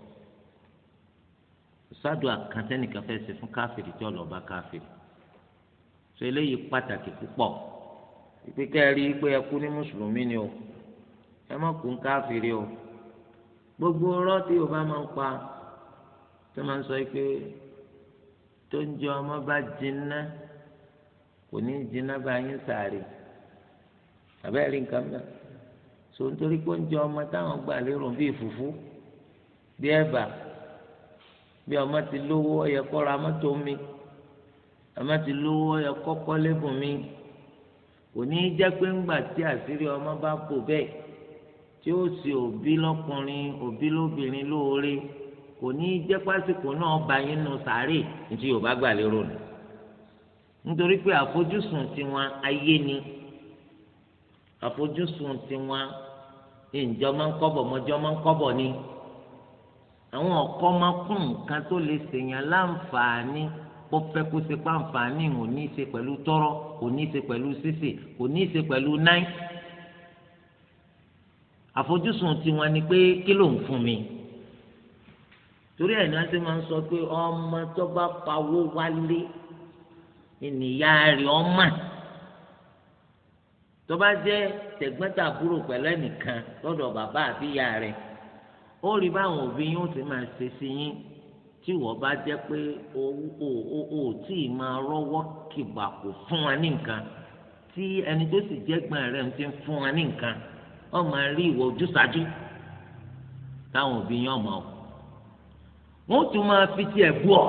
kò sádùá kankan tẹ́ni kankan fẹ́ ṣe fún káfìrì tí ọlọ́ba káfìrì so eléyìí pàtàkì púpọ̀ ìpè kẹ́rí pé ẹ kú ní mùsùlùmí ni o ẹ má kún káfìrì o gbogbo ọ̀rọ̀ tí Yorùbá máa ń pa tó máa ń sọ pé tó ń jẹ ọmọ bá jinná kò ní jinná bá yín sàárè àbẹ́rẹ́ nǹkan mẹ́ta so nítorí pé oúnjẹ ọmọ táwọn gbà lérò bíi fùfú bí ẹ̀bà bí ọmọ ti lówó ọyẹ kọ́ra mọ́tò mi ọmọ ti lówó ọyẹ kọ́kọ́ lébùn mi kò ní í jẹ́ pé ńgbà tí àṣírí ọmọ bá bò bẹ́ẹ̀ tí ó sì òbí lọ́kùnrin òbí lóbìnrin lóore. Lo kò ní í jẹ́ pásìkò náà ba yín nù sàárè nítorí yorùbá gbà lérò nù nítorí pé àfojúsùn tiwọn ayé ni àfojúsùn tiwọn ìjọ máa ń kọ́bọ̀ mọ́jọ́ máa ń kọ́bọ̀ ni àwọn ọ̀kọ́ máa kún nǹkan tó lè ṣèyàn láǹfààní ó fẹ́ kó ṣe pàǹfààní kò ní í ṣe pẹ̀lú tọ́rọ́ kò ní í ṣe pẹ̀lú sísè kò ní í ṣe pẹ̀lú náì àfojúsùn tiwọn ni pé kí ló ń fún mi torí ẹ̀ ní wọ́n ti máa ń sọ pé ọmọ tó bá pawó wálé ìníyá rẹ̀ ọmọ tó bá jẹ́ tẹ̀gbọ́ntàbúrò pẹ̀lú ẹnìkan lọ́dọ̀ bàbá àbí ìyá rẹ̀ ó rí báwọn òbí yín ti máa ṣe sí yín tí wọ́n bá jẹ́ pé o ò tí ì máa rọ́wọ́ kìbàkù fún wa ní nǹkan tí ẹni tó sì jẹ́ gbọ́n rẹ̀ ń fún wa ní nǹkan wọ́n máa rí ìwọ ojúṣàájú táwọn òbí yín ọmọ ọ̀ wọn tún máa fi tiẹ̀ bú ọ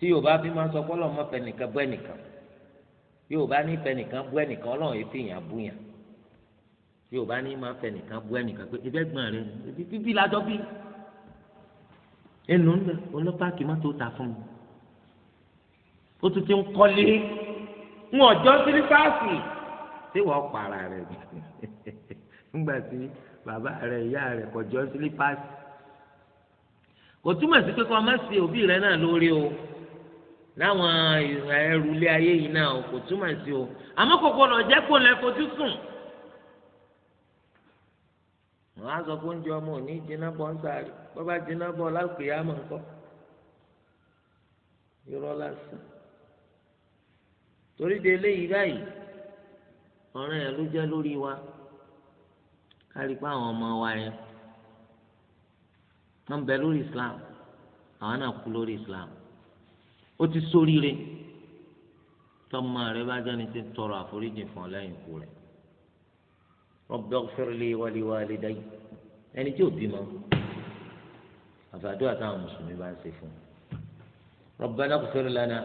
tí yorùbá fi máa sọ pé ọlọ́mọ fẹnìkan bú ẹnìkan yorùbá ní fẹnìkan bú ẹnìkan ọlọ́run yìí fìyàn bú yàn yorùbá ní máa fẹnìkan bú ẹnìkan pé ebi ẹ̀gbọ́n rẹ ebi bíbí lajọ bí ẹnu ńlẹ ọlọ́pàá kì má tó ta fún mi ó tún ti ń kọ́lé ń ọjọ́ sílífàsì tí wọ́n para rẹ̀ nígbà tí bàbá rẹ̀ ìyá rẹ̀ kọjọ́ sílífàsì kò túmọ̀ sí pé kó o má ṣe òbí rẹ náà lórí o láwọn ẹrù ilé ayé yìí náà o kò túmọ̀ sí o àmọ́ kò gbọdọ̀ jẹ́ kó lẹ fojú sùn. wọ́n á sọ pé oúnjẹ ọmọ ò ní jiná bọ́ ń sáré bọ́ jiná bọ́ lápè á mọ̀ nǹkan irọ́ lásán torí de eléyìí báyìí ọ̀ràn ẹ̀ ló jẹ́ lórí wa ká rí àwọn ọmọ wa yẹn. wọ́n bẹ lórí islam àwọn náà kú lórí islam ó ti sóríire tọ́mọ rẹ bá jẹ́ni tí ń tọrọ àforíjì fún ọ lẹ́yìn ikú rẹ̀ Rabbighfir li wa li walidayya ẹni tí ò bímọ àfàdúrà táwọn mùsùlùmí bá ń ṣe fún un Rabbana ighfir lana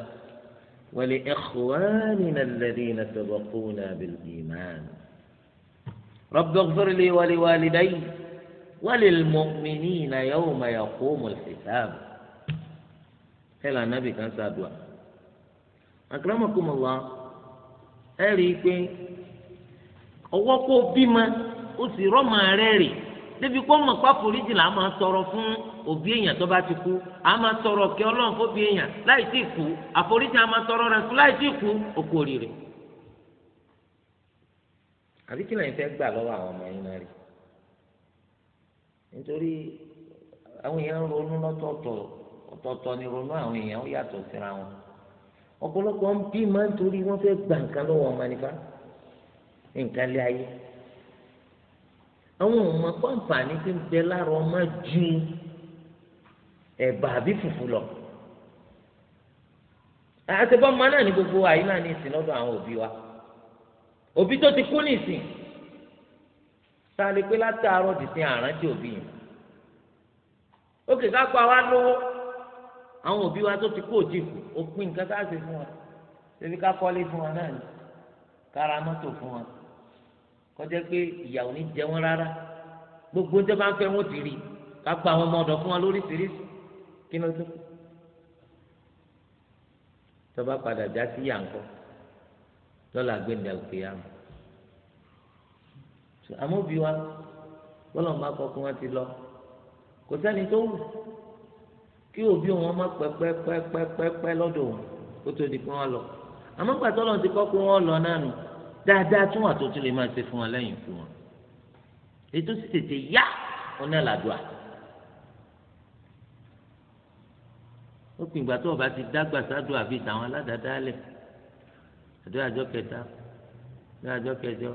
wa li ikhwanina alladhina sabaquna bil iman Rabbighfir li wa li walidayya. walilmu'minina na yaqumul hisab kẹ́lá anábì kan ṣàdùà akramakumullah ẹ rí i pé ọwọ́ kó bímọ ó sì rọ́mọ rẹ̀ rè débi kó mọ̀ pa foríjì là á máa tọrọ fún òbí èèyàn tó bá ti kú á máa tọrọ kí ọlọ́run fóbi èèyàn láì tí kú àforíjì máa rẹ̀ fún láì tí kú òkú àbí kí lẹ́yìn fẹ́ gbà nítorí àwọn èèyàn ń ronú lọ́tọ̀ọ̀tọ̀ ọ̀tọ̀ọ̀tọ̀ ni ronú àwọn èèyàn ó yàtọ̀ síra wọn ọ̀pọ̀lọpọ̀ ń bí máa ń torí wọ́n fẹ́ gba nǹkan lọ́wọ́ ọmọ nípa nǹkan lé ayé àwọn ọmọ pàǹfààní ti ń bẹ lára ọmọ ju ẹ̀bà àbí fùfú lọ àtẹ̀bọ́n ọmọ náà ní gbogbo àyínlá ní ìsìn lọ́dọ̀ àwọn òbí wa òbí tó ti kú ní ìsìn tá a lè pé látàárọ̀ dìsín àrántí òbí yìí ó kè ká pa wá lówó àwọn òbí wa tó ti kó òjì kù ó pín nǹkan ká ṣe fún wa ṣebí ká kọ́lé fún wa náà ni ká ra mọ́tò fún wa kọjá pé ìyàwó ní jẹ wọn rárá gbogbo tó bá ń fẹ́ wọn ti rí ká gba àwọn ọmọ ọ̀dọ̀ fún wa lóríṣiríṣi kí ló tó tó bá padà já sí yàǹkọ lọ́la gbẹ̀ndẹ̀ òkè yàmù àmọ́ òbí wa bọ́lá ọmọ akọkọ wọn ti lọ kò sẹ́ni tó wù kí òbí wọn má pẹ́pẹ́pẹ́pẹ́pẹ́ lọ́dọ̀ wọn kó tó di pé wọ́n lọ àmọ́ pàtó lọ́n ti kọ́ pé wọ́n lọ náà nù dáadáa tún wà tó tún lè máa ṣe fún wọn lẹ́yìn fún wọn ètò sì tètè yá wọn náà làdùà ó pin ìgbà tó o bá ti dágbà sádùn àbí ìtàwọn aládàáda lẹ̀ àdúrà àjọ àdúrà àjọ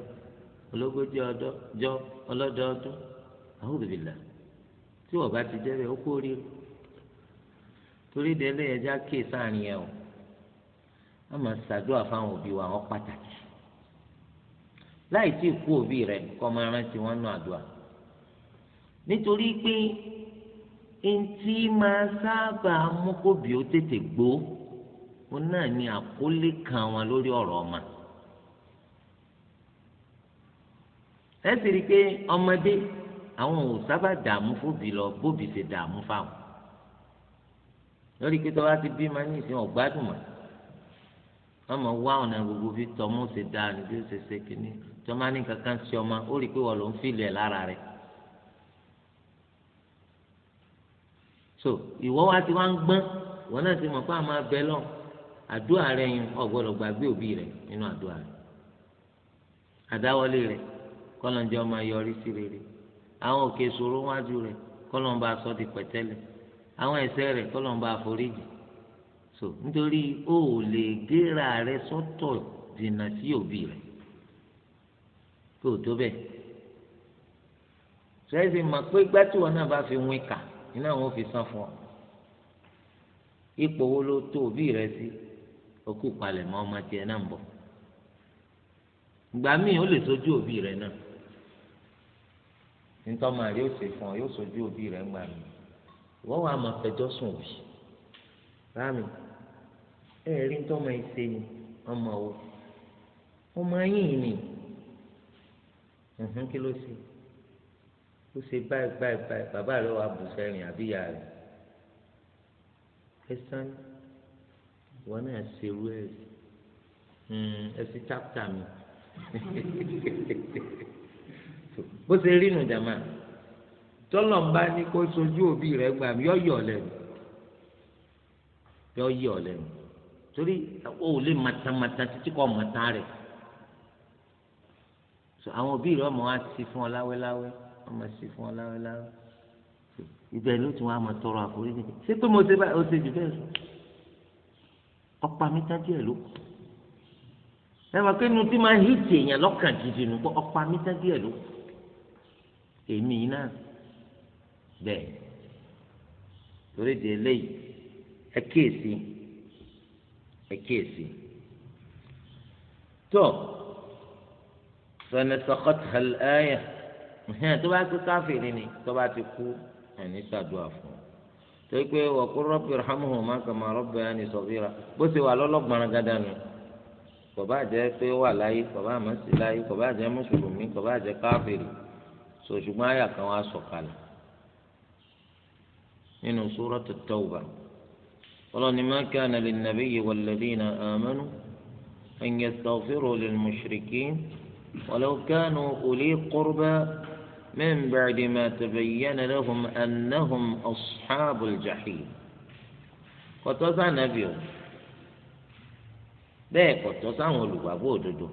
ológójì ọjọ́ ọlọ́dọọdún àwọn òbílà tí wọ́n bá ti jẹ́ bẹ́ẹ̀ ó kó rí torí délé ẹja kéè sáàrin yẹn o wọ́n máa ṣàdúrà fáwọn òbí wa wọ́n pàtàkì láì tí ì kú òbí rẹ kọ́ máa rántí wọn nù àdúrà nítorí pé eŋti máa sábà mú kóbi ó tètè gbó ó náà ní àkólé kan wọn lórí ọ̀rọ̀ ọmọ ẹ sì rí i pé ọmọdé àwọn ò sábà dààmú fóbi lọ bóbi ṣe dààmú fáwọn lórí pé tọ́wá ti bí máa ní ìsìn ọ̀gbádùn mọ́ wọ́n mọ̀ wá ọ̀nà gbogbo bí tọ́mú ṣe dáa ní ó ṣe ṣe kínní tọ́má ní kankan ṣe ọmọ ó rí i pé wọ́n ló ń fìlẹ̀ lára rẹ̀. so ìwọ wa ti wá ń gbọ́n wọn náà ti mọ̀ pé àwọn abẹ lọ àdúrà rẹ̀ yẹn ọ̀gbọ́dọ̀ gbàgbé òbí rẹ̀ nínú àdúrà rẹ̀ àdáwọlé rẹ̀ kọlọńjẹ ọmọ yọrí sí rere àwọn òkè sòrò wájú rẹ̀ kọlọńba sọ di pẹ̀tẹ́lẹ̀ àwọn ẹ̀ṣẹ̀ rẹ̀ kọlọńba àforíjì so nítorí o ò lè gẹ́ra rẹ̀ sọ́tọ̀ dènà sí òbí rẹ̀ kí o tó bẹ̀ sẹ́ẹ̀sì mọ̀ pé gbàtíwọ̀ náà bá fi wín kà iná wọn fi san fún ọ ipò wo ló tó òbí rẹ̀ sí okú mọ́ ọmọ tiẹ̀ náà ń bọ̀ gbàmí o lè sojú òbí rẹ̀ náà nítorí màrí ó ṣe fún ọ yóò sojú òbí rẹ gbà mí ìwọ wàá máa fẹjọ́ sùn òbí rámi ẹ rí nítorí ọmọ ìṣe ni ọmọ wo ọmọ yìí ni kí ló ṣe ó ṣe báyìí báyìí báyìí bàbá rẹ wàá bù sẹ́rìn àbí ìyá rẹ ẹ sáré ìwọ náà ṣerú ẹ hmm, ẹ sí chápítà mi. bó ṣe rí nù jàmá tọ́lọ̀ ń bá ní kó sojú òbí rẹ̀ gbà yọ yọ̀ lẹ́nu yọ yọ̀ lẹ́nu torí o ò lè matamata títí kọ́ mata rẹ̀ so àwọn òbí rẹ̀ ọmọ wa ti fún ọ láwẹ́láwẹ́ ọmọ sì fún ọ láwẹ́láwẹ́ ibẹ̀ ló tún wá máa tọrọ àforíjì ṣé pé mo ṣe báyìí ó ṣe jù bẹ́ẹ̀ sọ ọ̀pá mi tá díẹ̀ ló kù ẹ wá pé inú tí máa hìtì èèyàn lọ́kàn gidi nù pé ọ̀pá mi tá díẹ̀ ló èmi náà bẹ́ẹ̀ torí di eléyìí ẹ kíyèsí ẹ kíyèsí tó sọnẹsọkọt ẹyẹ tó bá kú káfíìrì ni tó bá ti kú ẹni ṣàdúrà fún un torí pé wọ́kú rabbi irhamhuma kama rabbayani saghira bó ṣe wà lọ́lọ́gbọ̀nrán gádà nù kò bá pé wà láyé kò àmọ́ sí láyé kò bá mùsùlùmí kò bá jẹ́ sòṣùgbọ́n àyà kan wá sọ̀kalẹ̀ nínú sórọ́tò tọ́wbà ọlọ́ni má kánà lè nàbí yìí wàlẹ́dínà àmánú ẹ̀yẹ sọ̀fẹ́rọ̀ lè mùsùlùkì wàlẹ́wò kánà òlì kúrbà من بعد ما تبين لهم أنهم أصحاب الجحيم ọ̀ bẹ́ẹ̀ kọ́tọ́ قطع ولو أبو دودو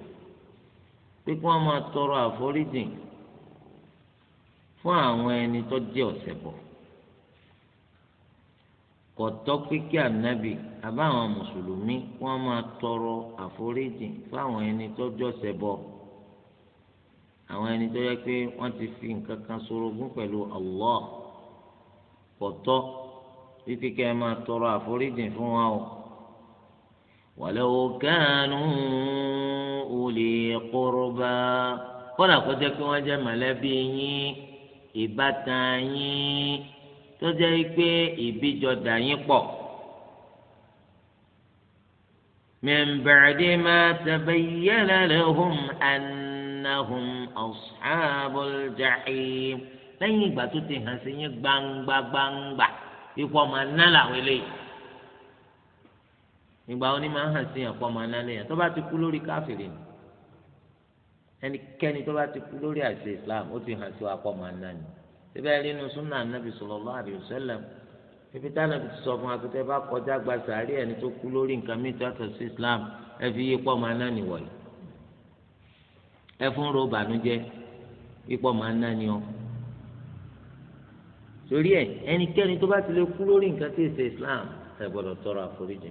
بيكو ما ترى فريدين fún àwọn ẹni tó jẹ́ ọ̀sẹ̀ bọ̀ kò tọ́ pé kí ànábì àwọn mùsùlùmí wọ́n máa tọrọ àforíjì àwọn ẹni tó jọ̀sẹ̀ bọ̀ àwọn ẹni tó yẹ pé wọ́n ti fi nǹkan kan sorogún pẹ̀lú Allah kò tọ́ wípé kí ẹ máa tọrọ àforíjì fún wọn o walau kanu uli qurba kọ́nà kó jẹ́ pé wọ́n jẹ́ mọ̀lẹ́bí yín. ìbátan yín tó jẹ́ pé ìbíjọ yín pọ̀. من بعد ما تبين لهم أنهم أصحاب الجحيم lẹ́yìn ìgbà tó ti hàn sí yín gbangba gbangba ikú ọmọ aná làwọn eléyìí ìgbà wo ni máa hàn sí yàn pọ̀ ọmọ aná lẹ́yìn tó bá ti kú lórí káfíìrì ẹnikẹ́ni tó bá ti kú lórí àṣẹ islam ó ti hàn sí wa pọ̀ máa ná ni síbẹ̀ nínú súnà nàbì sallallahu alaihi wasallam ibi táwọn ti sọ fún akutẹ bá kọjá gba sàárì ẹni tó kú lórí nǹkan mi tó yàtọ̀ sí islam ẹ fi yí pọ̀ máa ná ni wọ̀nyí ẹ fún ro bànújẹ́ ipò máa ná ni ọ torí ẹ ẹnikẹ́ni tó bá ti lè kú lórí nǹkan tí èsè islam ẹ gbọ́dọ̀ tọrọ àforíjì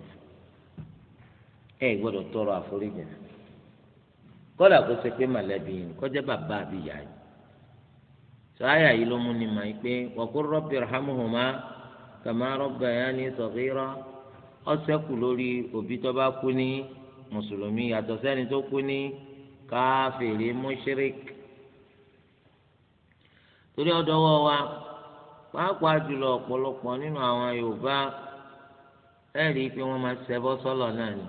ẹ gbọ́dọ̀ tọrọ àforíjì kọ́dà kó ṣe pé mọ̀lẹ́bí yìí kọjá bàbá àbí ìyá yìí sọ àyà yìí ló mú ni mà yìí pé waqur rabbi irhamuhuma kama rabbayani saghira ọsẹ kù lórí òbí tó bá kú ní mùsùlùmí yàtọ̀ sẹ́ni tó kú ní káfíìrì mushrik torí ọdọwọ wa pàápàá jùlọ ọ̀pọ̀lọpọ̀ nínú àwọn Yorùbá ẹ pé wọn máa ṣẹbọ sọlọ náà ni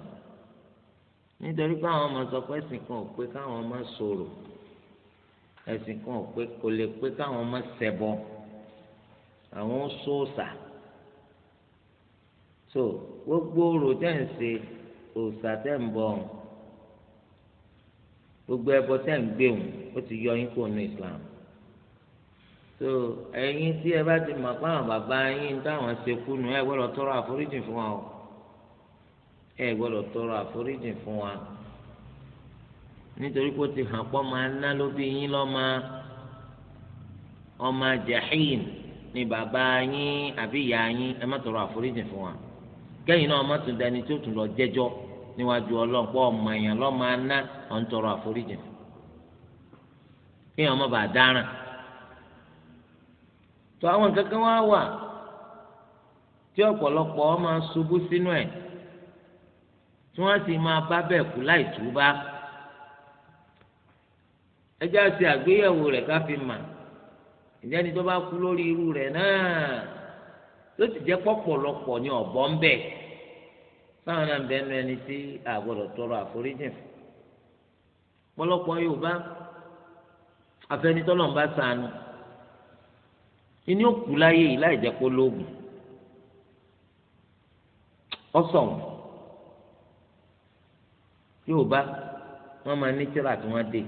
nítorí pé àwọn ọmọ sọ pé ẹ̀sìn kan ò pé káwọn ọmọ sọ̀rọ̀ ẹ̀sìn kan ò pé kò lè pé káwọn ọmọ ṣẹbọ àwọn sóòsà so gbogbo orò tẹ̀ ń ṣe òòsà tẹ̀ ń bọ ọ̀hún gbogbo ẹbọ tẹ̀ ń gbé òun ó ti yọ yín kúrò ní Islam so ẹ̀yin tí ẹ bá ti mọ̀ pé àwọn bàbá yín táwọn ṣe kú nù ẹ gbọ́dọ̀ tọrọ àforíjì fún wa o. ẹ gbọ́dọ̀ tọrọ àforíjì fún wa nítorí pé ó ti hàn pọ́ máa ná ló yín lọ́mọ ọmọ ni bàbá yín àbí ìyá yín ẹ má tọrọ àforíjì fún wa kẹ́yìn náà má tún dání tó tún lọ jẹ́jọ́ níwájú ọlọ́run ọmọ èèyàn lọ́mọ aná ọ̀ ń tọrọ àforíjì kéèyàn dáràn tó àwọn kankan wá wà tí ọ̀pọ̀lọpọ̀ sínú ẹ̀. tí wọ́n sì máa bá bẹ́ẹ̀ kú láì túbá ẹjọ́ àti àgbéyẹ̀wò rẹ̀ ká fi mà ìjẹ́ ni tó bá kú lórí irú rẹ̀ náà tó ti jẹ́ pọ̀pọ̀lọpọ̀ ni ọ̀bọ ń bẹ̀ sáwọn náà ń bẹ nu ẹni tí àgbọ̀dọ̀ tọrọ àforíjì pọ̀lọpọ̀ Yorùbá afẹnitọ́lọ́ ń bá sànù inú òkú láyé yìí láì jẹ́ kó lóògùn Yorùbá wọ́n máa ní tíra tí wọ́n dé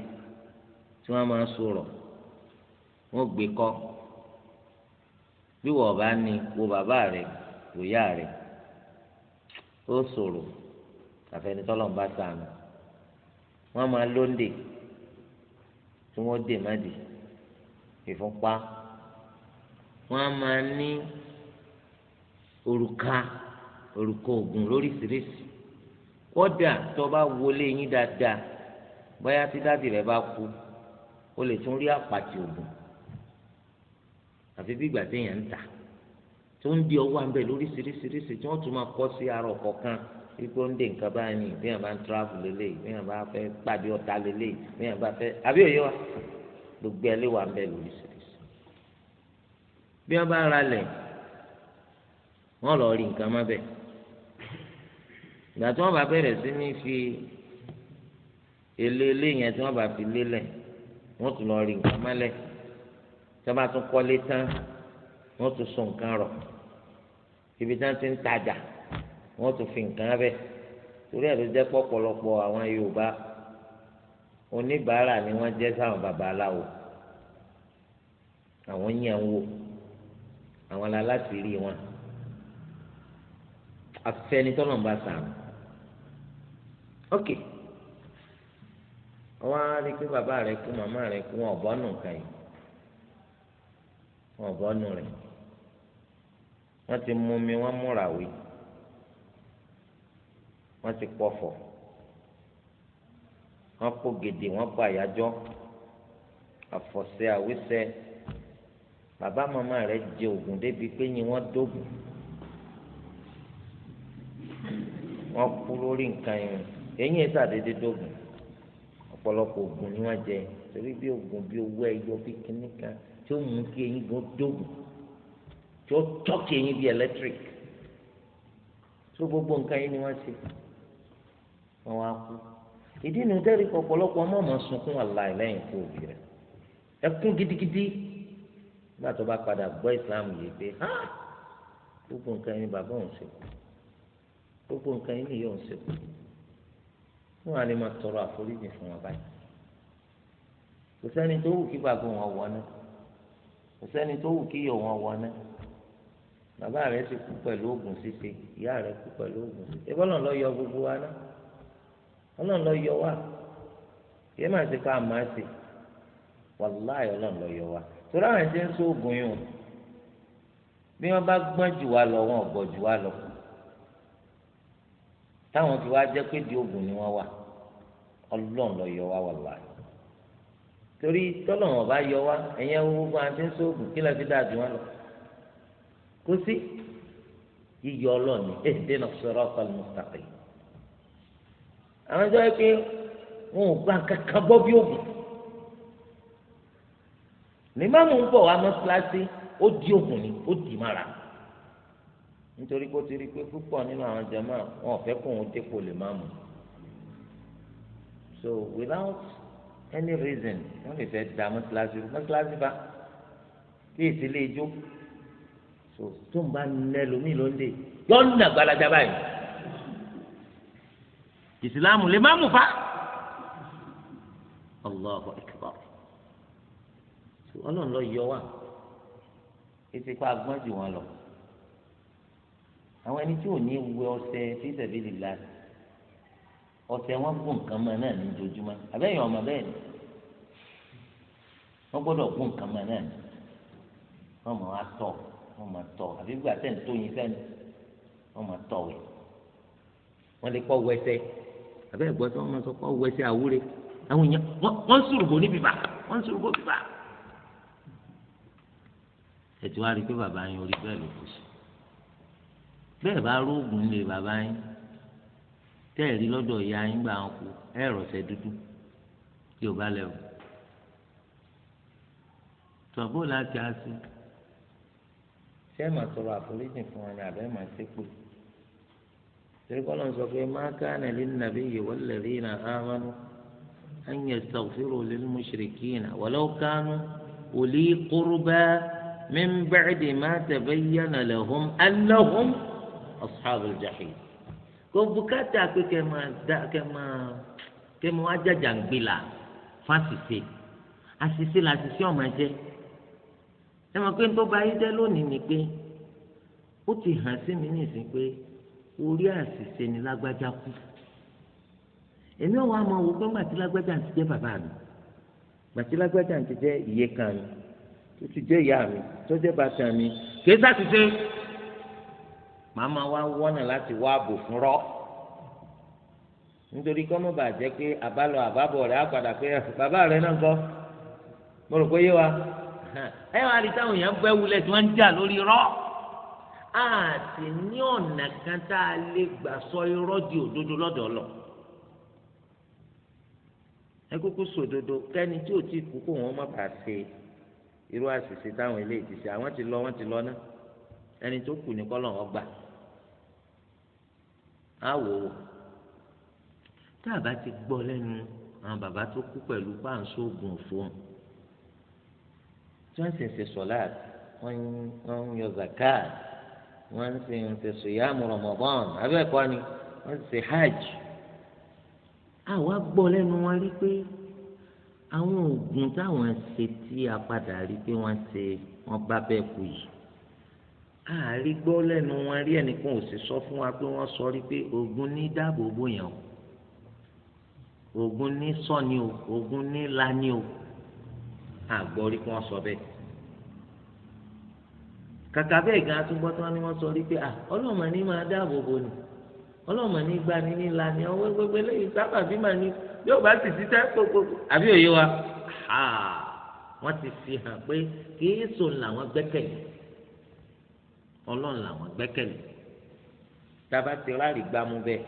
tí wọ́n máa sọ̀rọ̀ wọ́n gbé kọ́ bí wọ́n bá ní wo bàbá rẹ̀ lòyà rẹ̀ ó sọ̀rọ̀ àfẹnitọ́lọ́n bá sànù wọ́n máa lóńdè tí wọ́n dè má dì ìfúnpá wọ́n máa ní òrùka òrùka ògùn lóríṣiríṣi kódà tó bá wọlé yín dáadáa bóyá tí dáàdì rẹ bá kú o lè tún rí àpàtì ògùn àfi bí ìgbà téèyàn ń tà tó ń di ọwọ́ àbẹ̀ lóríṣiríṣiríṣi tí wọ́n tún máa kọ́ sí ara ọ̀kọ̀ kan wípé ó ń dè nǹkan báyìí ni bí wọ́n bá ń tíráfù lélẹ́yìí bí wọ́n bá fẹ́ pàdé ọ̀tá lélẹ́yìí bí wọ́n bá fẹ́ àbí òye wa gbogbo ẹ lè wà ńbẹ̀ lóríṣiríṣi bí wọ́n bá ra lẹ̀ wọ́n lọ rí nǹkan má bẹ́ẹ̀ ìgbà tí wọ́n bá bẹ̀rẹ̀ sí ní fi èlé ilé yẹn tí wọ́n bá fi lélẹ̀ wọ́n tún lọ rí nǹkan mọ́lẹ̀ tí wọ́n bá tún kọ́lé tán wọ́n tún so nǹkan rọ̀ ibi tí wọ́n ti ń tajà wọ́n tún fi nǹkan bẹ̀ torí ẹ̀ ló jẹ́ pọ̀pọ̀lọpọ̀ àwọn Yorùbá oníbàárà ni wọ́n jẹ́ sáwọn babaláwo àwọn yẹn ń àwọn aláṣìírí wọn afẹ́nitọ́nà ń bá sàmù ok wọn á rí i pé bàbá rẹ kú màmá rẹ kú wọn ọbọ nù kàn yìí wọn ọbọ nù rẹ wọn ti mú mi wọn múra wí wọn ti pọfọ wọn kó gèdè wọn kó àyájọ́ àfọ̀ṣẹ àwíṣẹ bàbá màmá rẹ jẹ ògùn débi pé yín wọn dógùn wọn kú lórí nǹkan yìí eyín ẹ̀ sàdédé dógùn ọ̀pọ̀lọpọ̀ oògùn ni wọ́n jẹ torí bí oògùn bí owó ẹyọ bí kíní kan tí ó mú kí eyín gan dógùn tí ó tọ́kì eyín bí electric tó gbogbo nǹkan yín ni wọ́n ṣe wọ́n wá kú ìdí nu tẹ́rì kọ́ ọ̀pọ̀lọpọ̀ ọmọ ọmọ sunkún àlàyé lẹ́yìn ikú òbí rẹ̀ ẹkún gidigidi nígbà tó bá padà gbọ́ ìsìlámù yìí pé gbogbo nǹkan yín ni bàbá òun ṣe gbogbo nǹkan yín ni yóò ṣe kú tí wọn lè máa tọrọ àforíjì fún wọn báyìí kò sẹ́ni tó wù kí gbàgbọ́ wọn wọ náà kò sẹ́ni tó wù kí yọ wọn wọ náà bàbá rẹ ti kú pẹ̀lú oògùn ṣíṣe ìyá rẹ kú pẹ̀lú oògùn ṣíṣe ẹgbẹ́ náà lọ yọ gbogbo wa náà ọlọ́run lọ yọ wa yẹ máa ṣe ká máa ṣe wàláì ọlọ́run lọ yọ wa torí àwọn ẹ̀ṣẹ̀ ń sọ oògùn yìí o bí wọ́n bá gbọ́n jù wá lọ wọn ò gbọ́ jù wá lọ táwọn ti wá jẹ́ pé di ogun ni wọ́n wà ọlọ́run lọ yọ wá wàlúwà torí tọ́lọ́run ọba yọ wá ẹ̀yẹn gbogbo àti ń sóògùn kí lẹ́ẹ̀ fi dáa jù wọ́n lọ kó sí yíyọ ọlọ́ọ̀ni ẹ̀ẹ́dẹ́ náà sọ̀rọ̀ ọ̀pọ̀lọpọ̀ mustaqim àwọn ìjọba pé wọn ò gbà kankan gbọ́ bí òògùn ní má mú un bọ̀ wá mọ́ síláṣí ó di òògùn ni ó dì mára nítorí pé ti rí i pé púpọ̀ nínú àwọn jama wọn ò fẹ́ kó òun dépò lè má mú so without any reason wọ́n lè fẹ́ da mọ́sálásí mọ́sálásí bá tí ìsílẹ̀ ijó so tó ń bá nẹ́ lómi ló ń dè yọ ń nà báyìí ìsìlámù lè má mú fa Allahu akbar so ọlọ́run lọ yọ wá ètò ìpa agbọ́n jù wọn lọ àwọn ẹni tí ò ní wẹ ọṣẹ fíṣẹ̀bí lìlá ọṣẹ wọn kó nǹkan mọ náà ní ojoojúmọ́ àbẹ́yìn ọmọ bẹ́ẹ̀ ni wọ́n gbọ́dọ̀ kó nǹkan mọ náà ní wọ́n mọ̀ atọ̀ wọ́n mọ̀ tọ̀ àbí gbà tẹ̀ ń tó yin sẹ́ni wọ́n mọ̀ tọ̀ wẹ̀ wọ́n lè kọ́ wẹsẹ̀ àbẹ́ ẹ̀gbọ́n tí wọ́n mọ̀ sọ kọ́ wẹsẹ̀ àwúre àwọn èèyàn wọ́n sùrùbò níbi bá wọ́n sùrùbò níbi bá ètò bẹ́ẹ̀ bá róògùn lè bàbá yín tẹ́ ẹ̀ rí lọ́dọ̀ ìyá yín gbà ń kú ẹ̀ rọ̀ṣẹ́ dúdú tí ò bá lẹ́wọ̀ tọ́bù láti àṣì ṣé màá tọrọ àforíjì fún wọn ni àbẹ́ màá ṣépè torí kọ́lọ́n sọ pé má kánà lé nàbí yìí wọ́n lè rí iná ámánú an yastaghfiru lil mushrikina walau kanu uli qurba min ba'di ma ashabul jahim kò bùkátà pé kẹ́ máa dá kẹ́ máa kẹ́ máa wá jàjàngbìlà fásitì àṣìṣe làṣìṣe ọmọ ẹ̀jẹ̀ ẹ mọ̀ pé tó bá yí jẹ́ lónìí ni pé ó ti hàn sí mi nísìnyí ni lágbájá kú èmi ò wá mọ owó pé gbàtí lágbájá ti jẹ́ bàbá mi gbàtí lágbájá ti jẹ́ ìyèkan mi tó ti jẹ́ ìyá mi tó jẹ́ bàtà mi kì í ṣàṣìṣe. màmá wa wọ́nà láti wá bò fún rọ́ nítorí kọ́mọ́ bàjẹ́ pé àbálọ àbábọ̀ rẹ̀ á padà pé bàbá rẹ̀ náà kọ́ mo rò pé yé wa ẹ wá rí táwọn èèyàn bẹ́ wulẹ̀ tí wọ́n ń jà lórí rọ́ àti ní ọ̀nà kan tá a lè gbà sọ irọ́ di òdodo lọ́dọ̀ lọ ẹ kúkú sòdodo kẹ́ni tí ò tí kú kó wọn má bàa ṣe irú àṣìṣe táwọn eléyìí ti ṣe àwọn ti lọ wọn ti lọ náà ẹni tó kù ní kọ́ lọ́wọ́ gbà. á wò wò tá a bá ti gbọ́ lẹ́nu àwọn bàbá tó kú pẹ̀lú páńsó oògùn òfò tí wọ́n sì ń ṣe sọ̀láàtì wọ́n ń yọ zakat wọ́n ń ṣe ń ṣe sòyàmù Ramadan abẹ́ẹ̀kọ́ ni wọ́n ń ṣe hajj àwa gbọ́ lẹ́nu wọn rí pé àwọn oògùn táwọn ṣe tí a padà rí pé wọ́n ṣe wọ́n bá bẹ́ẹ̀ kú yìí àárí gbọ́ lẹ́nu wọn rí ẹnìkan ò sì sọ fún wa pé wọ́n sọ rí pé ogun ní dáàbò bò yàn o ogun ní sọ́ni o ogun ní lani o àgbọ̀ rí pé wọ́n sọ bẹ́ẹ̀ kàkà bẹ́ẹ̀ gan atúgbọ́ tí wọ́n ní wọ́n sọ rí pé ọlọ́mọ ní máa dáàbò bò ni ọlọ́mọ ní gbani ní lani ọwọ́ gbẹgbẹ lẹ́yìn sábà bí màá ní yóò bá sì ti tẹ́ gbogbo àbí òye wa wọ́n ti fi hàn pé kí èso làwọn gbẹ́kẹ̀lé ọlọ́run làwọn gbẹ́kẹ̀lé tába ti ráàlì gbámú bẹ́ẹ̀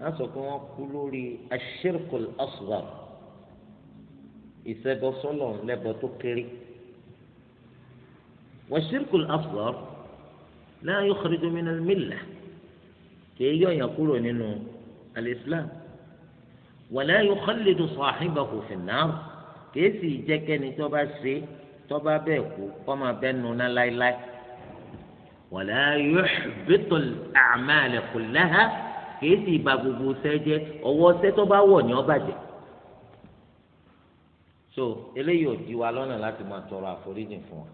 wọ́n sọ pé wọ́n kú lórí ashirkul asghar ìṣẹ́bọ sọ́lọ̀ lẹ́bọ tó kéré wa shirkul asghar la yukhriju min al-millah kìí yọ̀yàn kúrò nínú al-islam wa la yukhallidu sahibahu fi an-nar kìí sì jẹ́ kẹ́ni tó ṣe tó bẹ́ẹ̀ kú kọ́ máa bẹ́ẹ̀ nu ná láéláé wàlá yuhbitul a'mal kullaha kìí sì ba gbogbo sẹ́jẹ́ ọwọ́ sẹ́tọ́ bá wọ̀ ni ó bàjẹ́ so eléyìí ò di wa lọ́nà láti máa tọrọ àforíjì fún wa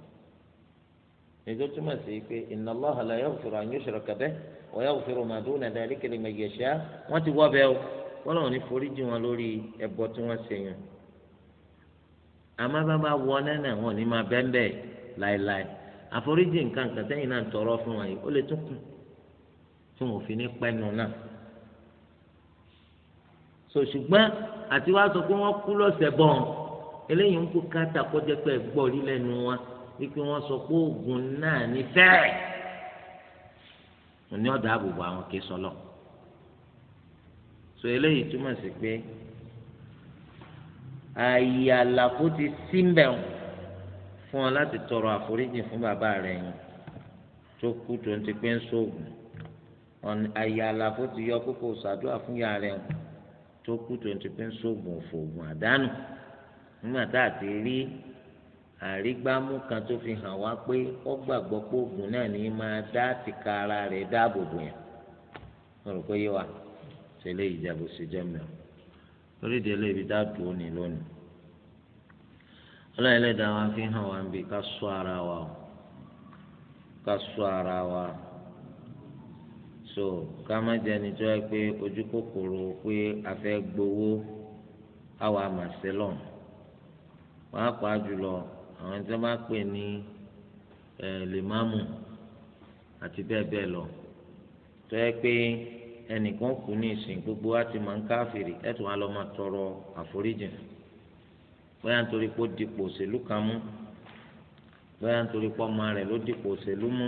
ètò túmọ̀ sí pé inna Allaha la yaghfiru an yushraka bihi wa yaghfiru ma duna dhalika liman yasha wọ́n ti wọ́ bẹ́ẹ̀ o wọ́n lọ́wọ́ ní foríjì wọn lórí ẹ̀bọ tí wọ́n ṣe yẹn àmọ́ bá bá wọ àforíjì nǹkan kan sẹ́yìn náà tọrọ fún wa yìí ó lè tún kù tí wọn ní pẹ́nu náà so ṣùgbọ́n àti wá sọ pé wọ́n kú lọ́sẹ̀ bọ̀n eléyìí ń kú káta kọjá pé gbọ́ rí lẹ́nu wa wípé wọ́n sọ pé oògùn náà ní fẹ́ẹ̀ òní ọ̀dà àbùbù àwọn kì í sọlọ so eléyìí túmọ̀ sí pé àyè àlàfo ti sí mbẹ̀rún fún ọ láti tọrọ àforíjì fún bàbá rẹ yẹn tó kú tó ń ti pé ń sóògùn àyè àlàfo ti yọ kókó ṣàdúrà fún ìyá rẹ tó kú tó ń ti pé ń sóògùn òfòògùn àdánù nígbà tá a ti rí àrígbámú kan tó fi hàn wá pé ó gbàgbọ́ pé oògùn náà ní máa dá tìka ara rẹ̀ dáàbò bò yẹn mo rò pé yé ṣe lè ìjàbọ̀ ṣe jẹ́ mi ò lórí ìdílé ibi dá dùn ó lónìí. ọlọ́ọ̀lẹ́dàá wa fi hàn wá níbi ká sọ ara wa o ká sọ ara wa so ká má jẹ ẹni tó yẹ pé ojú kòkòrò pé a fẹ́ gbowó àwa màṣẹ́lọ̀n pàápàá jùlọ àwọn tí wọ́n bá pè ní ẹ̀ lèmámù àti bẹ́ẹ̀ bẹ́ẹ̀ lọ tó yẹ pé ẹnìkan kù gbogbo wa ti máa ẹ̀ tún lọ́ọ́ máa tọrọ àforíjì bóyá nítorí pé ó dipò òṣèlú kan mú bóyá nítorí pé ọmọ rẹ̀ ló dipò òṣèlú mú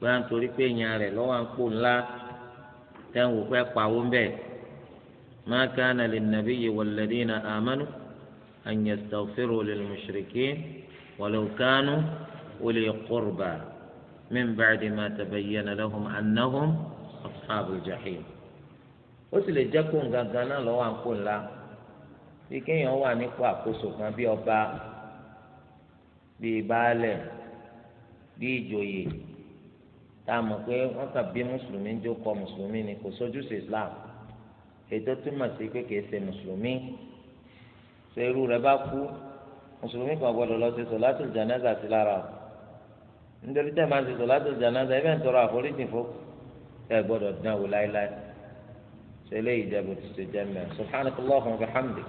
bóyá nítorí pé èèyàn rẹ̀ lọ́wọ́ à ń pò ńlá tẹ́wọ̀n òkú ẹ̀ pawó ń bẹ̀. ma kana lin-nabiyyi wal-ladhina amanu an yastaghfiru lil-mushrikin walau kanu uli qurba min ba'di ma tabayyana lahum annahum ashabul jahim. ó sì lè jẹ́ kó ń gangan náà lọ́wọ́ à bí kéèyàn wà nípò àkóso kan bí ọba bí baálẹ̀ bí ìjòyè tá a mọ̀ pé wọ́n kàn bí mùsùlùmí ń jókòó mùsùlùmí ni kò sójúṣe islam ètò túmọ̀ sí pé kìí ṣe mùsùlùmí ṣe irú rẹ̀ bá kú mùsùlùmí kan gbọ́dọ̀ lọ sí sọ̀látù jánásà sí lára o nítorí tẹ̀ máa ṣe sọ̀látù jánásà ẹ̀fẹ̀ ń tọrọ àforíjì fún ẹ̀ gbọ́dọ̀ dán wò láéláé ṣe eléyìí jẹ́ bó ti ṣe jẹ́ mẹ́rin subhanakallahumma wa bihamdik.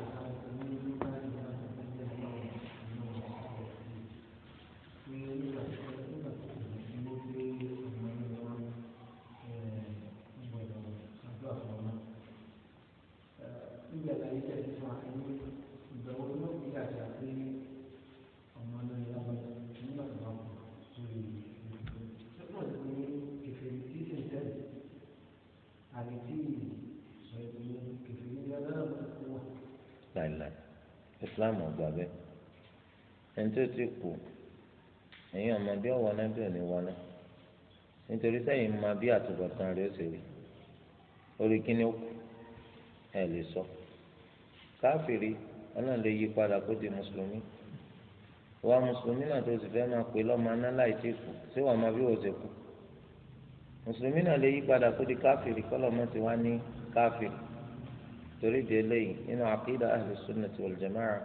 islam ọgbà bẹ ẹni tó ti kú ẹ̀yin ọmọdé ọwọ́ náà òní wọná nítorí sẹ́yìn máa bí àtúbọ̀tán rẹ̀ ó ṣe rí orí kíní ó kù ẹ lè sọ káfìrí ọlọ́run yí padà kó di mùsùlùmí wa mùsùlùmí náà tó ti fẹ́ máa pè lọ́mọ aná láì tí kù sí wàá máa bí wò ṣe kù mùsùlùmí náà lè di káfìrí ti wá ní káfìrí. torí di eléyìí nínú àkídà ahlu sunnati wal jamaa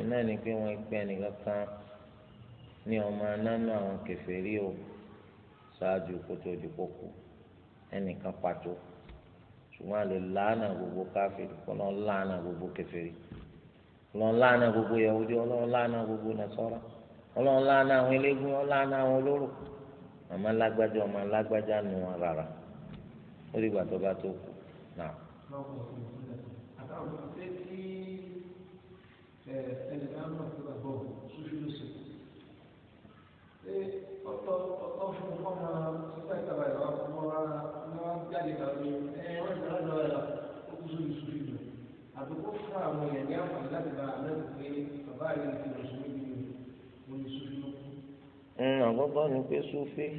iná ni pé wọ́n pẹ́ nìkan kan ní ọmọ nánú àwọn o ṣáájú kótó ojúkókò ẹnìkan pàtó àlè gbogbo káfíìrì kọ́ lọ́n gbogbo gbogbo yahudi gbogbo àwọn àwọn olóró ọmọ nù wọn rárá ó dìgbà lọ́wọ́ ọ̀sẹ̀ ìpínlẹ̀ àtàwọn ọ̀sẹ̀ tí ẹnì kan náà ti bàbọ̀ sójú ló sèkú. ṣé ọ̀tọ̀ ọ̀tọ̀ fún un fọ́nmọ́ sísá ìtàbà ìwà fọ́nmọ́ rárá ni wọ́n jáde kàwé ẹ wọ́n ti rán lọ́wọ́ ẹ̀rọ ó kú sójú sójú lọ. àdókò fún àwọn èèyàn ní àǹfààní láti gba àlẹ́ pé bàbá rẹ̀ ti lọ sójú lọ mo ní sójú lọ kú. àgbọ̀gbọ́ ni pé sófin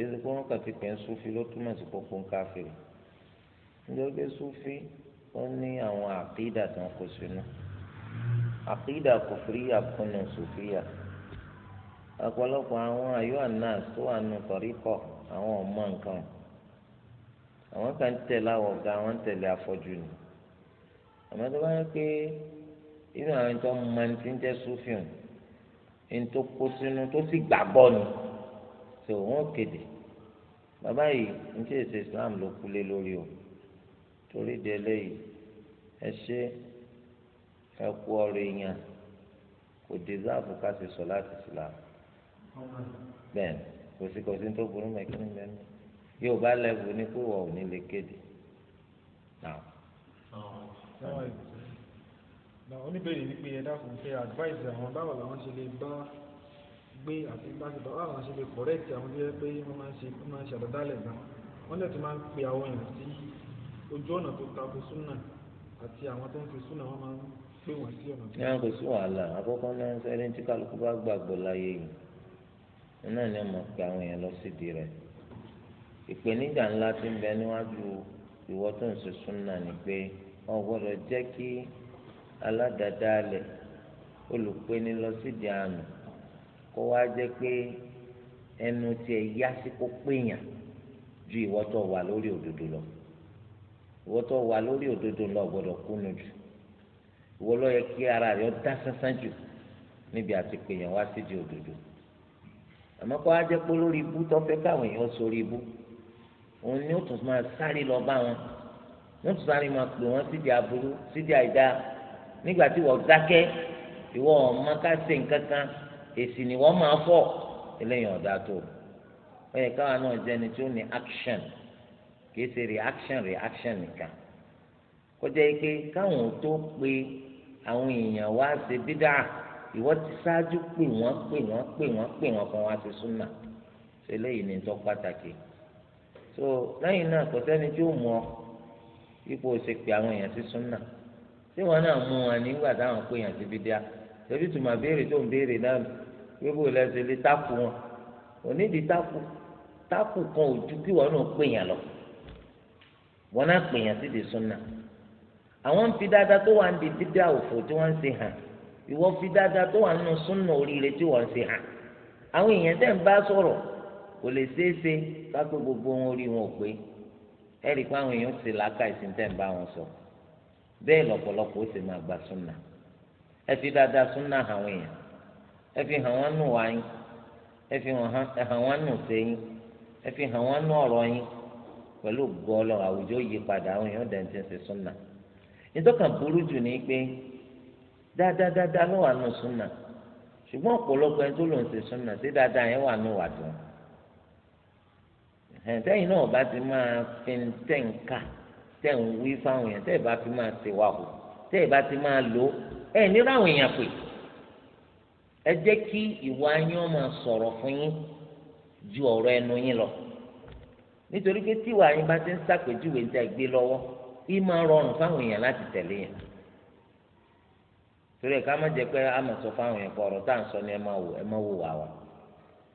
èsì pé wọ́n kàti pẹ̀ ń sófin ló túmọ̀ sí pọ́npọ́n káfíìn nítorí sufi wọn ní àwọn àkídà tó ń kó sínú àkídà kòfìríyà kúnnù sùfíyà ọ̀pọ̀lọpọ̀ àwọn ayọ́ anas tó wà nù tọ̀ríkọ̀ àwọn ọmọ nǹkan àwọn kan ń tẹ̀lé àwọn ọ̀gá àwọn ń tẹ̀lé afọ́jú ni àmọ́ tó bá yẹ pé inú àwọn tó máa ń ti ń jẹ́ sófin ní tó kó sínú tó sì gbàgbọ́ ni tó wọ́n kéde bàbá yìí ń ṣe èsì Islam ló kú lé lórí o torí di eléyìí ẹ ṣe ẹ kú ọ̀rọ̀ èèyàn kò dìsáàbù ká ti sọ láti sílá bẹ́ẹ̀ kò sí kò sí tó burú mẹkínní mẹnu yóò bá lẹbù ní pé wọn ò ní lè kéde náà. oníbẹ̀rẹ̀ ni pé ẹ dákun pé advice àwọn báwo làwọn ṣe lè bá gbé àti báṣepọ̀ báwo làwọn ṣe lè correct àwọn tó yẹ pé wọ́n máa ń ṣe àdádálẹ̀ náà wọ́n lè tún máa ń pe àwọn èèyàn sí ojú ọ̀nà tó tako súnà àti àwọn tó ń fi súnà wọn máa ń pè wọ́n sí ọ̀nà tó. ní àwọn kò sí wàhálà àkọ́kọ́ náà ẹni tí kálukú bá gbàgbọ́ láyé yìí náà ni ọmọ pé àwọn èèyàn lọ sídìí rẹ̀ ìpèníjà ńlá tí ń bẹ níwájú ìwọ tó ń ṣe súnà ni pé wọn gbọ́dọ̀ jẹ́ kí aládàádáalẹ̀ olùpẹni lọ sídìí àná kó wá jẹ́ pé ẹnu tiẹ̀ yá sí kó péyàn ju ìwọ tó wà lórí òdodo lọ ìwọ tó wà lórí òdodo lọ gbọ́dọ̀ kúnnu jù ìwọ ló yẹ kí ara rẹ dá sánsán jù níbi àti pé èèyàn wá sí di òdodo àmọ́ kó ajẹ pé lórí ibú tó fẹ́ káwọn èèyàn sórí ibú òun ni ó tún máa sáré lọ bá wọn wọ́n tún sáré máa pè wọ́n sídìí aburú sídìí àìdá nígbà tí wọ́n dákẹ́ ìwọ ọmọ ká ṣe nǹkan èsì ni wọ́n máa fọ̀ eléyìí ọ̀dà tó ó káwọn náà jẹ́ ẹni tí ó ní action kìí ṣe reaction reaction nìkan kó jẹ́ pé káwọn tó pe àwọn èèyàn wá ṣe bídà ìwọ ti ṣáájú pè wọ́n pè wọ́n pè wọ́n pè wọ́n kan wá ṣe súnà ṣe lẹ́yìn ní tó pàtàkì so lẹ́yìn náà kò sẹ́ni tí ó mú ọ ipò ṣe pé àwọn èèyàn sí súnà tí wọn náà mú wọn nígbà táwọn pè yàn síbi díà tẹbi tùmọ̀ béèrè tó ń béèrè náà wíwò lẹ́sẹ̀ lé táàkù wọn onídìí táàkù táàkù kan ò ju kí wọn náà pè yàn lọ. wọn náà pèèyàn sí di súnà àwọn fi dáadáa tó wà di tí ń se hàn ìwọ fi dáadáa tó wà nínú súnà oríire ti làákà ìsìn tẹ̀ ń bá wọn sọ bẹ́ẹ̀ lọ́pọ̀lọpọ̀ ó sì máa gba súnà ẹ fi dáadáa súnà àwọn èèyàn ẹ fi hàn wọ́n nù wáyín ẹ fi hàn wọ́n nù sẹ́yìn ẹ fi hàn nù ọ̀rọ̀ pẹ̀lú gọ́ọ̀lọ́ àwùjọ yí padà àwọn èèyàn dẹ̀ ń ti ṣe súnà nítọ́kàn burú jù ní pé dáadáa ló wà nù súnà ṣùgbọ́n ọ̀pọ̀lọpọ̀ ẹni tó lòún ṣe súnà sí dáadáa yẹn wà nù wà dùn ẹ̀ńtẹ́yìn náà bá ti máa fi tẹ̀ǹkà tẹ̀ǹ wí fáwọn èèyàn tẹ́ẹ̀ bá fi máa ṣe wà hù tẹ́ẹ̀ bá ti máa lò ẹ̀ nírú èèyàn pè ẹ jẹ́ kí ìwà yín ó sọ̀rọ̀ fún yín ju ọ̀rọ̀ ẹnu yín lọ. nítorí pé tiwa yín bá ti ń ṣàpèjúwe lọ́wọ́ máa rọrùn fáwọn èèyàn láti tẹ̀lé yẹn torí ká má pé a máa sọ fáwọn èèyàn pé ọ̀rọ̀ tá à ń sọ ni ẹ máa wò ẹ máa wò wá wa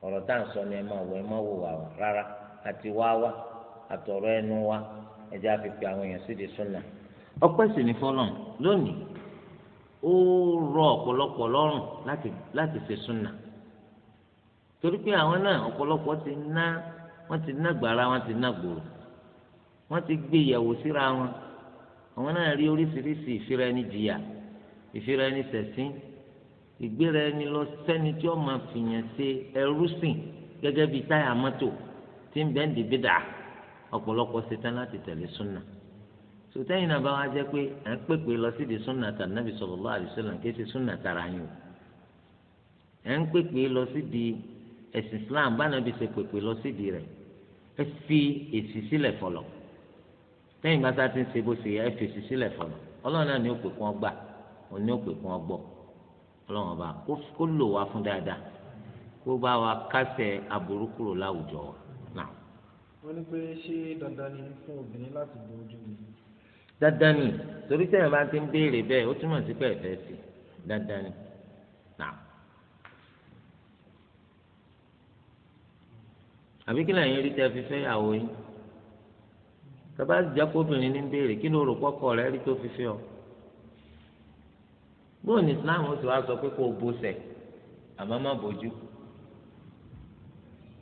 ọ̀rọ̀ tá à ń sọ ni ẹ máa wò ẹ máa wò wá wa rárá àti wá àtọ̀rọ̀ ẹnu àwọn di súnà. ọpẹ́ sì ni fọlọ́n lónìí ó rọ ọ̀pọ̀lọpọ̀ lọ́rùn láti ṣe súnà torí pé àwọn náà ti ná wọ́n ti ná gbàrà wọ́n ti ná gbòòrò wọ́n ti gbé ìyàwó síra wọn àwọn náà rí oríṣiríṣi ìfira ẹni jìyà ìfira ẹni ṣẹ̀sín ìgbéra ẹni lọ sẹ́ni tí ó máa fìyàn ṣe ẹrú sìn gẹ́gẹ́ bíi táyà mọ́tò tí ń bẹ́ẹ̀ ń dìbí dà ọ̀pọ̀lọpọ̀ ṣetán láti tẹ̀lé súnà sòtẹ́yìn náà bá wá jẹ́ pé à ń pèpè lọ sídi súnà tànàbì sallallahu alaihi wasallam kí ṣe súnà tara yín o à ń pèpè lọ sídi ẹ̀sìn Islam bá nàbì ṣe pèpè lọ sídi rẹ̀ ẹ fi èsì sílẹ̀ fọlọ̀ lẹ́yìn gbàtà tí ń ṣe bó ṣe ẹ fi èsì sílẹ̀ fọlọ̀ ọlọ́run náà ni ó pè kún ọgbà òun ni ó pè kún ọgbọ́ ọlọ́run ọba kó lò wá fún dáadáa kó bá wa kásẹ̀ aburú láwùjọ wa náà. wọ́n ní pé ṣé dandan ni fún obìnrin láti bo ojú mi. dandan ni torí sẹ́yìn bá ti ń béèrè bẹ́ẹ̀ ó túmọ̀ sí pé sí dandan ni náà. àbí kí lẹ́yìn rí tẹ́ fi fẹ́ ìyàwó yín tọ́ba jákòbìnrin ní béèrè kí ló rò pọ́kọ rẹ rí tó fi fẹ́ ọ bóun ní Islam ó sì wá sọ pé kó o bọ́sẹ̀ àmọ́ má bójú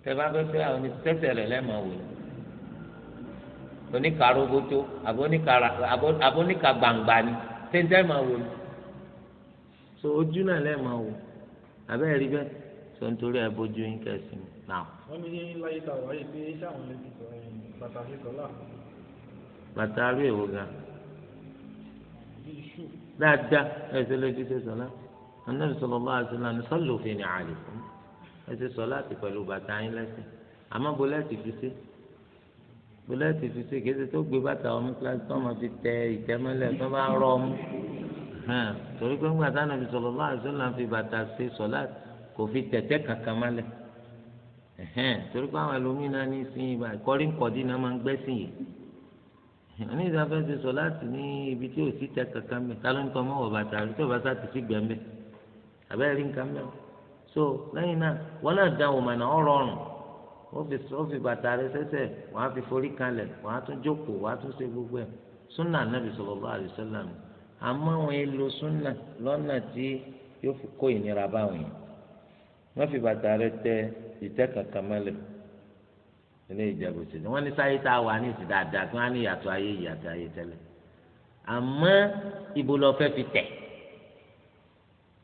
tẹ́lá fẹ́ fẹ́ àwọn oníṣẹ́sẹ̀ rẹ̀ lẹ́màá wò oníkarogoto àbóníka gbangba ni tẹ́ńtẹ́ máa wò so ojú náà lẹ́màá wò abẹ́rẹ́ rí bẹ́ẹ̀ sọ nítorí ẹ̀ bójú yín kẹsìn náà. wọ́n ní láyé tá a wáyé pé sáwọn lè fi sọ̀rọ̀ bàtà fi sọ̀lá. bàtà arú èwo gan. dáadáa ẹsẹ lè fi sọ̀lá anabi sallallahu alaihi wasallam ní sọlọ òfin ní àlè fún ẹsẹ sọlá ti pẹ̀lú bàtà yín lẹ́sẹ̀ àmọ́ bọlá ti fi sí bọlá ti fi sí kí ẹsẹ tó gbé bàtà ọmú kíláàsì tó ọmọ fi tẹ ìtẹmọlẹ tó bá rọ ọmú torí pé ńgbà tí anabi sallallahu alaihi wasallam fi bàtà sí sọlá kò fi tẹtẹ kankan mọ́lẹ̀ torí pé àwọn ẹlòmíín náà ní sin ibà ìkọrí ńkọdí náà máa ń gbẹ́sìn yìí ní ìdáfẹ́ ti sọ láti ní ibi tí ò sí tẹ kankan mẹ ta ló ń tọ́ mọ́ wọ̀ bàtà àbí tó bá sá ti sí gbẹ̀mẹ́ àbẹ́ rí nǹkan mẹ́ so lẹ́yìn náà wọ́n náà dán òmà náà ọ̀rọ̀ ọ̀rùn ó fi bàtà rẹ sẹ́sẹ̀ wọ́n á fi forí kalẹ̀ wọ́n á tún jókòó wọ́n á tún ṣe gbogbo ẹ̀ súnà nàbì sallallahu alaihi wasallam àmọ́ àwọn èlò súnà lọ́nà tí yóò fi kó ìnira báwọn yẹn wọ́n fi bàtà rẹ tẹ ìtẹ́ kankan mẹ́lẹ̀ ilé ìjẹ́bù sí ni wọ́n ní sáyé tá a wà ní ìsìn dáadáa kí wọ́n á ní ìyàtọ̀ ayé ìyàtọ̀ ayé tẹ́lẹ̀ àmọ́ ibo lọ fẹ́ fi tẹ̀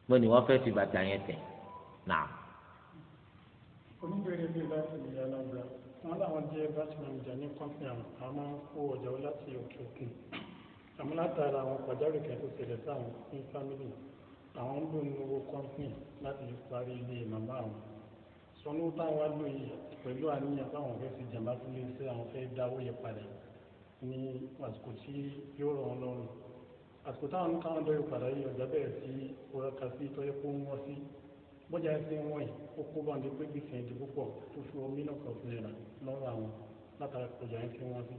mo ní wọ́n fẹ́ fi bàtà yẹn tẹ̀ náà. olùbẹ̀rẹ̀ bíi láti ìyá alága wọn làwọn jẹ́ bàtì mànìjà ní kọ́ńpì àwọn àmọ́ kó ọjà wọn láti òkè òkun àmọ́ látara àwọn pàjáwìrì kẹ́tọ́ ṣẹlẹ̀ sáwọn ní fámìlì àwọn ń lò ní owó kọ́ńpì láti parí ilé màmá àwọn sọnù táwọn wá lóye pẹ̀lú àníyàn táwọn fẹ́ fi jàmbá fún iléeṣẹ́ àwọn fẹ́ dáwó yẹ padà ní àsìkò tí yóò rọ̀ wọn lọ́rùn àsìkò táwọn ní káwọn dọ́yọ̀ padà yìí ọ̀gá bẹ̀rẹ̀ sí oraka sí tọ́yẹ́ kó ń wọ́n sí bọ́jà ẹsẹ̀ wọ́n yìí ó kó bá ní pé gbèsè ẹ̀dì púpọ̀ tó fi omi náà kọ̀ sílẹ̀ rà lọ́rọ̀ àwọn látara ọjà ẹsẹ̀ wọ́n sí.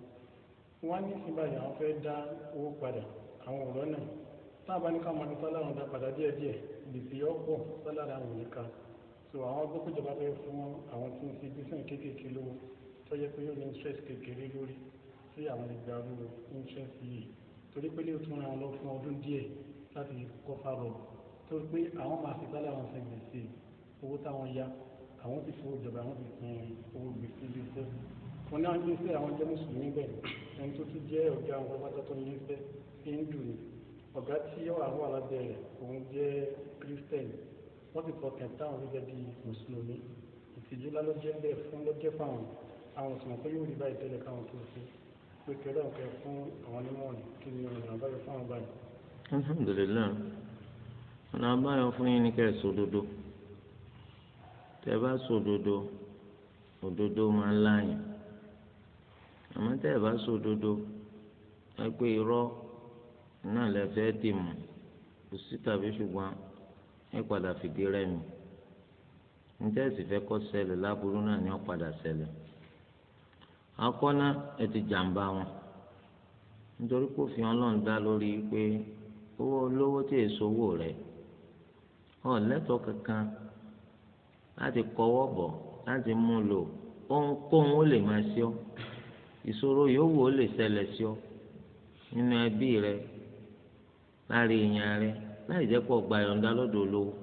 wọ́n ní ìsìnbàjẹ́ àwọn fẹ́ dá owó padà àwọn ọ̀rọ̀ náà táàbà ní káwọn ọmọdé sálárùn dá padà díẹ̀díẹ̀ gbèsè ọ̀pọ̀ sálárà àwọn òyìnká so àwọn gbọ́ péjọba fẹ́ fún àwọn tí wọ́n ti bísàn kéékèèké lówó tó yẹ pé yóò ní interest kékeré lórí sí àwọn ìgbàlú interest yìí torí pé yóò tún ra wọn lọ fún ọdún díẹ̀ láti kọ́fà rọ̀ torí pé àwọn máa fi bálẹ̀ àwọn sẹ̀gbẹ̀ sí owó táwọn ya àwọn ti fowó ìjọba àwọn ti tún owó gbèsè ilé iṣẹ́ wọn náà ní iṣẹ́ àwọn jẹ́ mùsùlùmí bẹ́ẹ̀ ẹni tó tún jẹ́ ọ̀gá àwọn pápátá tó ní iṣẹ́ hindu ni ọ̀gá tí ó wà wà lábẹ́ rẹ̀ òun jẹ́ kírísítẹ́nì wọ́n ti fọkàn táwọn gẹ́gẹ́ bí mùsùlùmí ìtìjú ńlá ló jẹ́ bẹ́ẹ̀ fún ló jẹ́ fáwọn àwọn òsùnmọ̀ pé yóò rí báyìí tẹ́lẹ̀ káwọn tó ṣe pé kẹrẹ́ ọ̀kẹ́ fún àwọn onímọ̀ọ̀nì kí ni ọ̀nà àbáyọ fáwọn báyìí. alhamdulilayi ọ̀nà àbáyọ fún yín ni kẹ́ ẹ̀ sòdodo tẹ́ ẹ bá sòdodo òdodo máa ń láàyàn àmọ́ tẹ́ ẹ bá sòdodo ẹ pé irọ́ náà lẹ fẹ́ dì mọ́ kò sí tàbí ṣùgbọ́n ní padà fìdí rẹmi njẹ́ sì fẹ́ kọ́ ṣẹlẹ̀ láburú náà ni wọ́n padà ṣẹlẹ̀ akọ́nà ẹ ti wọn nítorí kó fi dá lórí pé owó olówó tí èso owó rẹ ọ lẹ́tọ̀ọ́ kankan láti kọ́wọ́ bọ̀ láti mú lò ohunkóhun ó lè máa ṣe ìṣòro yòówù ó lè ọ nínú ẹbí rẹ láàrin rẹ láì jẹ́ pọ̀ gba ìyọ̀ǹda lọ́dọ̀ olówó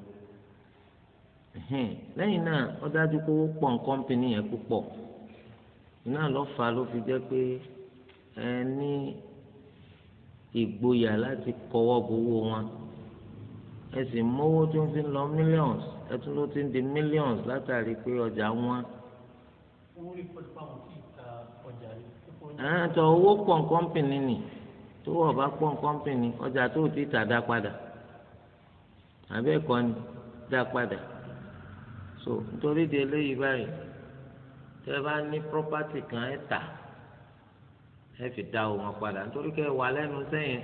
lẹ́yìn náà ó dájú pé ó pọ̀ kọ́mpìnì yẹn púpọ̀ náà lọ́fà ló fi jẹ́ pé ẹ ní ìgboyà láti kọ́wọ́ gbowó wọn ẹ sì mówó tó ń fi lọ millions ẹ tún ló ti ń di millions látàrí pé ọjà wọn. ẹ̀ ẹ́ tọ́ owó pọ̀ kọ́mpìnì nì tó wọ̀ bá pọ̀ kọ́mpìnì ọjà tó ti tà dá padà àbẹ́ẹ̀kọ́ ni dá padà so nítorí di eléyìí báyìí tẹ́ bá ní property kan ẹ tà ẹ fi dá o wọn padà nítorí kẹ́ wà lẹ́nu sẹ́yìn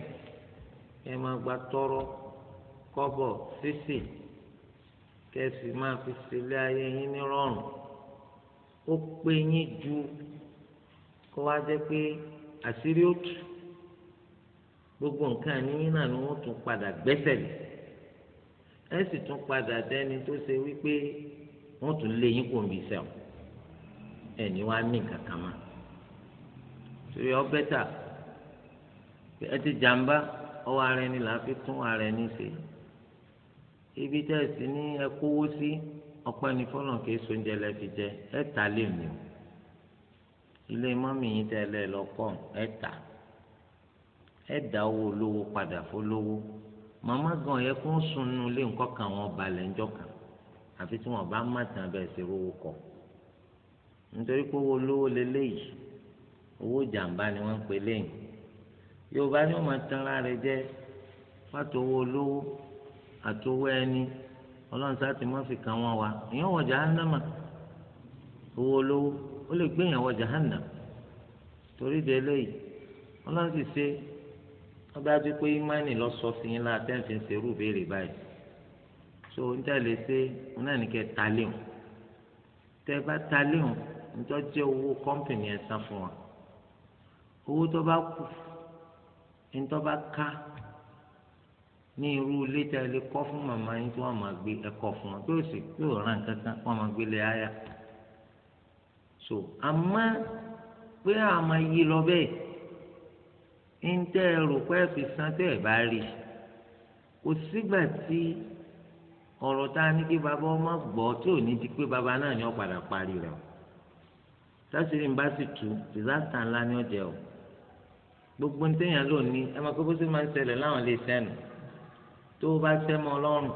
kẹ́ máa gba tọ́rọ́ kọ́bọ̀ sísì kẹ́ sì máa fi sílé ayé yín ní rọrùn ó pé yín ju kó wá jẹ́ pé àṣírí ó tù gbogbo nǹkan àníyàn náà ni wọ́n tún padà gbẹ́sẹ̀ lé ẹ sì tún padà dẹni tó ṣe wípé wọ́n tún lé yín kò ń bí sẹ́wọ̀n ẹni wàá ní kankan mọ́ torí ọbẹ̀ tà ẹ ti jàǹbá ọwọ́ ara ẹni là á fi tún ara ẹni ṣe ibi tẹ́ ẹ sì ní ẹ kówó sí ọpẹ́ ní fọ́nà kì í sóúnjẹ lẹ́ fi jẹ ẹ tà lè mí o ilé mọ́mì yín tẹ́ ẹ lọ kọ́ ẹ tà ẹ dá owó olówó padà fólówó. màmá gan yẹ kó sunu lé nǹkan kan wọn balẹ̀ ńjọ́ kan àfi tí wọn bá má tàn bẹ́ẹ̀ ṣe rówó kọ nítorí pé owó olówó leléyìí owó jàǹbá ni wọ́n ń pè léyìn yorùbá ni wọ́n máa tan ara jẹ pàtó owó olówó àtowó ẹni ọlọ́run sáà ti má fi kàn wọ́n wa èèyàn wọ jahannama owó olówó ó lè gbé èèyàn wọ jahannama torí de eléyìí ọlọ́run ṣe wọ́n dájú pé imáni lọ sọ sí yín láti ẹ̀ fi ń serú béèrè báyìí so ń tẹ̀lé sí wọn náà ní kẹ́ ta léwu tẹ́ bá ta léwu nítorí jẹ́ owó kọ́mpìnì ẹ̀ san fún wa owó tó bá kù ní tó bá ká ní irú ilé tí a lè kọ́ fún màmá yín tí wọ́n máa gbé ẹ̀kọ́ fún wọn yóò sì yóò ràn kankan wọ́n máa gbé lé aya so àmọ́ pé àwọn yí lọ bẹ́ẹ̀ ń tẹ́ ẹ rò pé ẹ̀fì san tẹ́ ẹ bá rí kò sígbà tí ọ̀rọ̀ tá a ní kí bàbá ọmọ gbọ́ tí ò ní di pé bàbá náà yàn padà parí rẹ̀ o tásìrì ń bá sì tu disaster ńlá ni ó jẹ o gbogbo ní téèyàn ló ní ẹ máa kó bó sì máa ń ṣẹlẹ̀ láwọn lè sẹ́nu tó bá sẹ́mọ ọlọ́run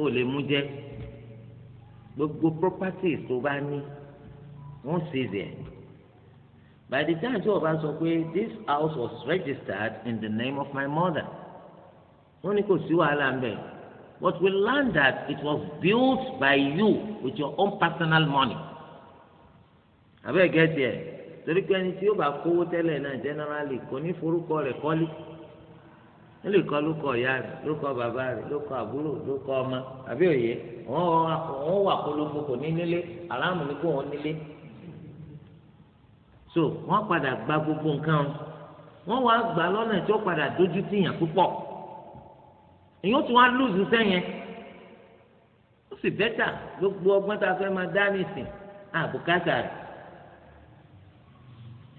ó lè mú jẹ gbogbo properties tó bá ní wọ́n ṣe zẹ̀ by the time tí ọba sọ pé this house was registered in the name of my mother wọ́n ní kò sí wàhálà ń bẹ̀ but we learned that it was built by you with your own personal money àbẹ́ẹ̀ gẹ́tì ẹ̀ torí pé ẹni tí ó bá kówó tẹ́lẹ̀ náà generally kò ní forúkọ rẹ̀ kọ́lé ó lè kọ́ lóko ọ̀yá rẹ̀ lóko bàbá rẹ̀ lóko àbúrò lóko ọmọ àbí òye wọ́n wà kó lóko kò ní nílé aláàmù ní kó wọ́n nílé so wọ́n padà gba gbogbo nǹkan wọ́n wá gbà lọ́nà tí ó padà dójú tì yàn púpọ̀ èyí ó tún wá lùzù sẹ́yìn ó sì bẹ́tà gbogbo ọgbọ́n tá a fẹ́ máa dá nìsín àbùkátà rẹ̀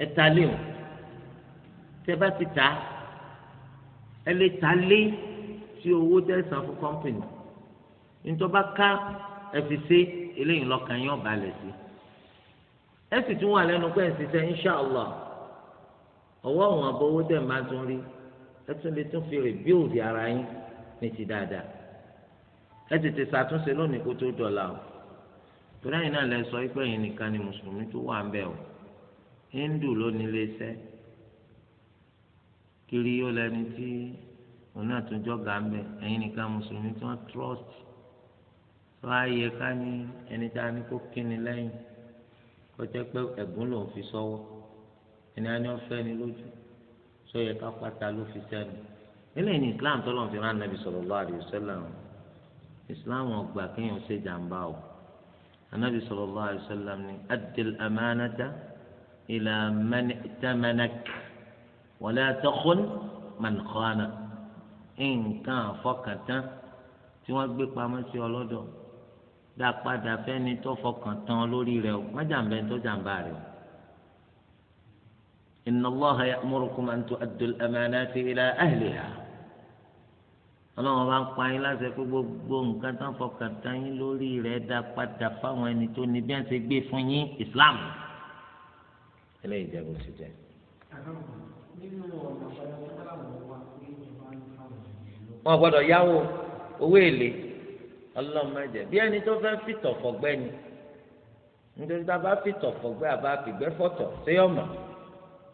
ẹ ta lé o tẹ bá ti ta ẹ lè ta lé tí owó tẹ san fún kọ́mpìnì nítorí bá ká ẹ eléyìí lọ́kàn yín ọ̀bà lẹ̀ sí i ẹ sì tún wà lẹ́nu pé ẹ̀ ń ṣiṣẹ́ inṣàlá ọwọ́ àwọn abọ́wọ́ tẹ̀ máa tún rí ẹ tún lè tún fi rìbíòdì ara yín ní ti dáadáa ẹ tètè ṣàtúnṣe lónìí kó tó dọ̀la o torí àyìn náà lẹ sọ pé ẹ̀yin nìkan ni mùsùlùmí tó wà ń bẹ̀ o hindu ló ní iléeṣẹ́ kiri yóò lẹni tí òun náà tún jọ́ ń bẹ̀ ẹ̀yin nìkan mùsùlùmí tí wọ́n trust tó á yẹ ká ní ẹni tá a ní kó kíni lẹ́yìn kọjá pé ẹ̀bùn lòún fi sọ́wọ́ ẹni á ní ọ̀fẹ́ ni lójú sọ yẹ ká pátá ló fi sẹ́nu eléyìí ní islam tó lọ́n fi rán nàbì sallallahu alaihi wasallam islam ọgbà kéèyàn ṣe jàǹbá o anabi sallallahu alaihi wasallam ni adil amanata ila man tamanak wala takhun nǹkan àfọkàntán tí wọ́n gbé pamọ́ sí ọlọ́dọ̀ dá padà fẹ́ni tó fọkàn tán lórí rẹ̀ o má jàǹbẹ́ tó jàǹbá rẹ̀ o. inna Allaha ya'murukum an tu'addu al-amanati ila ahliha ọlọ́run bá ń pa yín láṣẹ pé gbogbo nǹkan tán fọkàn tán yín lórí rẹ̀ dá padà fáwọn ẹni tó ní bí wọ́n ṣe gbé fún yín Islam. eléyìí jẹ́ bó ṣe jẹ́. wọ́n gbọ́dọ̀ yáwó owó èlé ọlọ́mọdé bí ẹni tó fẹ́ fìtọ̀ fọ̀gbẹ́ ni nítorí tá a bá fìtọ̀ fọ̀gbẹ́ àbá fìgbẹ́ fọ̀tọ̀ ṣé ọmọ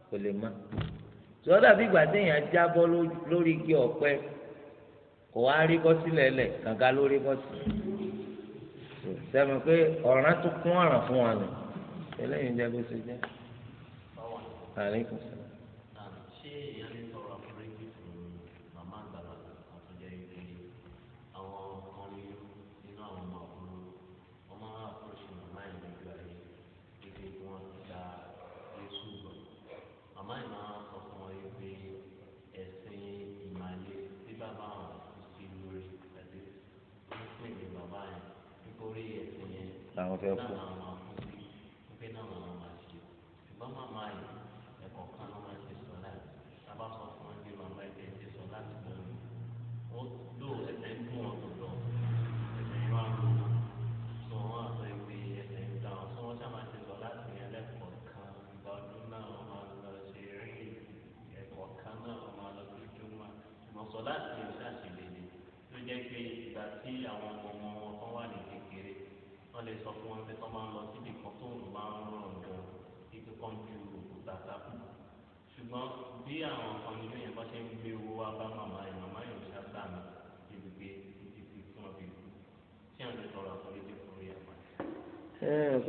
kò lè má sọ dàbí ìgbà téèyàn jábọ́ lórí igi ọ̀pẹ kò wá rí bọ́sí lẹ́lẹ̀ kàga lórí bọ́sí sẹ́mi pé ọ̀ràn tó kún ọ̀ràn fún wa nù eléyìí jẹ́ bó ṣe jẹ́ àlékún sọ. 然后在。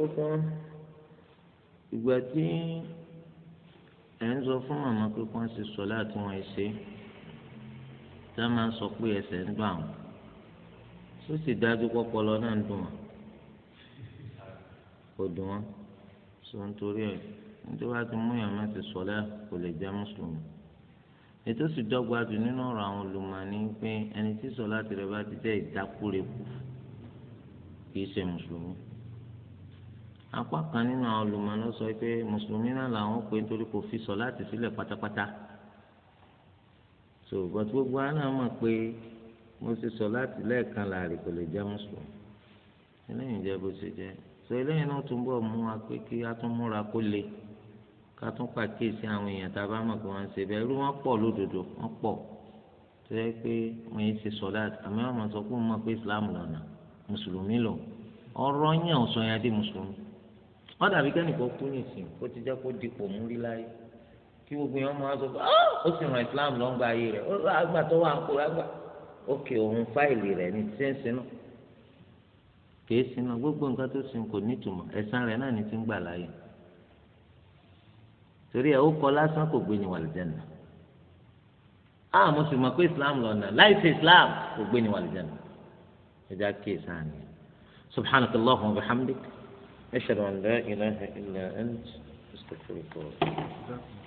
àkọ́kọ́ ìgbà tí ẹ̀ ń sọ fún màmá pé kí wọ́n ṣe sọ láti wọn ṣe tá a máa sọ pé ẹsẹ̀ ń dùn àwọn tó sì dájú pọ́pọ́lọ́ náà ń dùn wọn kò dùn wọn sọ nítorí ẹ̀ nítorí wàá ti mú yàrá ti sọ lẹ́ kò lè jẹ́ mùsùlùmí ètò sì dọ́gba jù nínú ọ̀rọ̀ àwọn olùmọ̀ọ́ni pé ẹni tí sọ láti rẹ̀ bá ti jẹ́ ìdákúrekú kì í ṣe mùsùlùmí apá kan nínú àwọn olùmọ̀ lọ sọ pé mùsùlùmí náà làwọn pè nítorí kò fi sọ láti sílẹ̀ pátápátá so but gbogbo wa náà mọ̀ pé mo ti sọ láti lẹ́ẹ̀kan láàrin kò lè jẹ́ mùsùlùmí eléyìí jẹ́ bó ṣe jẹ́ so eléyìí náà tún bọ̀ mú wa pé kí a tún múra kó le ká tún pàkíyèsí àwọn èèyàn tá a bá mọ̀ pé wọ́n ń ṣe bẹ́ẹ̀ irú wọn pọ̀ lódodo wọ́n pọ̀ tó yẹ pé wọ́n yìí ṣe sọ́láàtì àmì wọn mọ̀ sọ pé mo mọ̀ pé Islam lọ́nà mùsùlùmí lọ ọ̀rọ̀ yẹn ò sọ yẹn adé mùsùlùmí wọn dàbí kẹ́nìkan kú nìsín kó ti jẹ́ kó dipò múrí láyé kí gbogbo yẹn máa sọ pé ó sì ràn Islam lọ́n gba ayé rẹ̀ ó àgbà tó wà ń kó lágbà ókè òun fáìlì rẹ̀ ní sẹ́ńsìn náà kìí sin náà gbogbo nǹkan tó sin kò nítumọ̀ ẹ̀san rẹ̀ náà ní ti ń gbà láyé torí ẹ̀ ó kọ lásán kò gbé ní wàlìjẹ́nà á mo sì mọ̀ pé Islam lọ́nà láì sí Islam kò gbé ní wàlìjẹ́nà ẹ̀dá أشهد أن لا إله إلا أنت استغفرك الله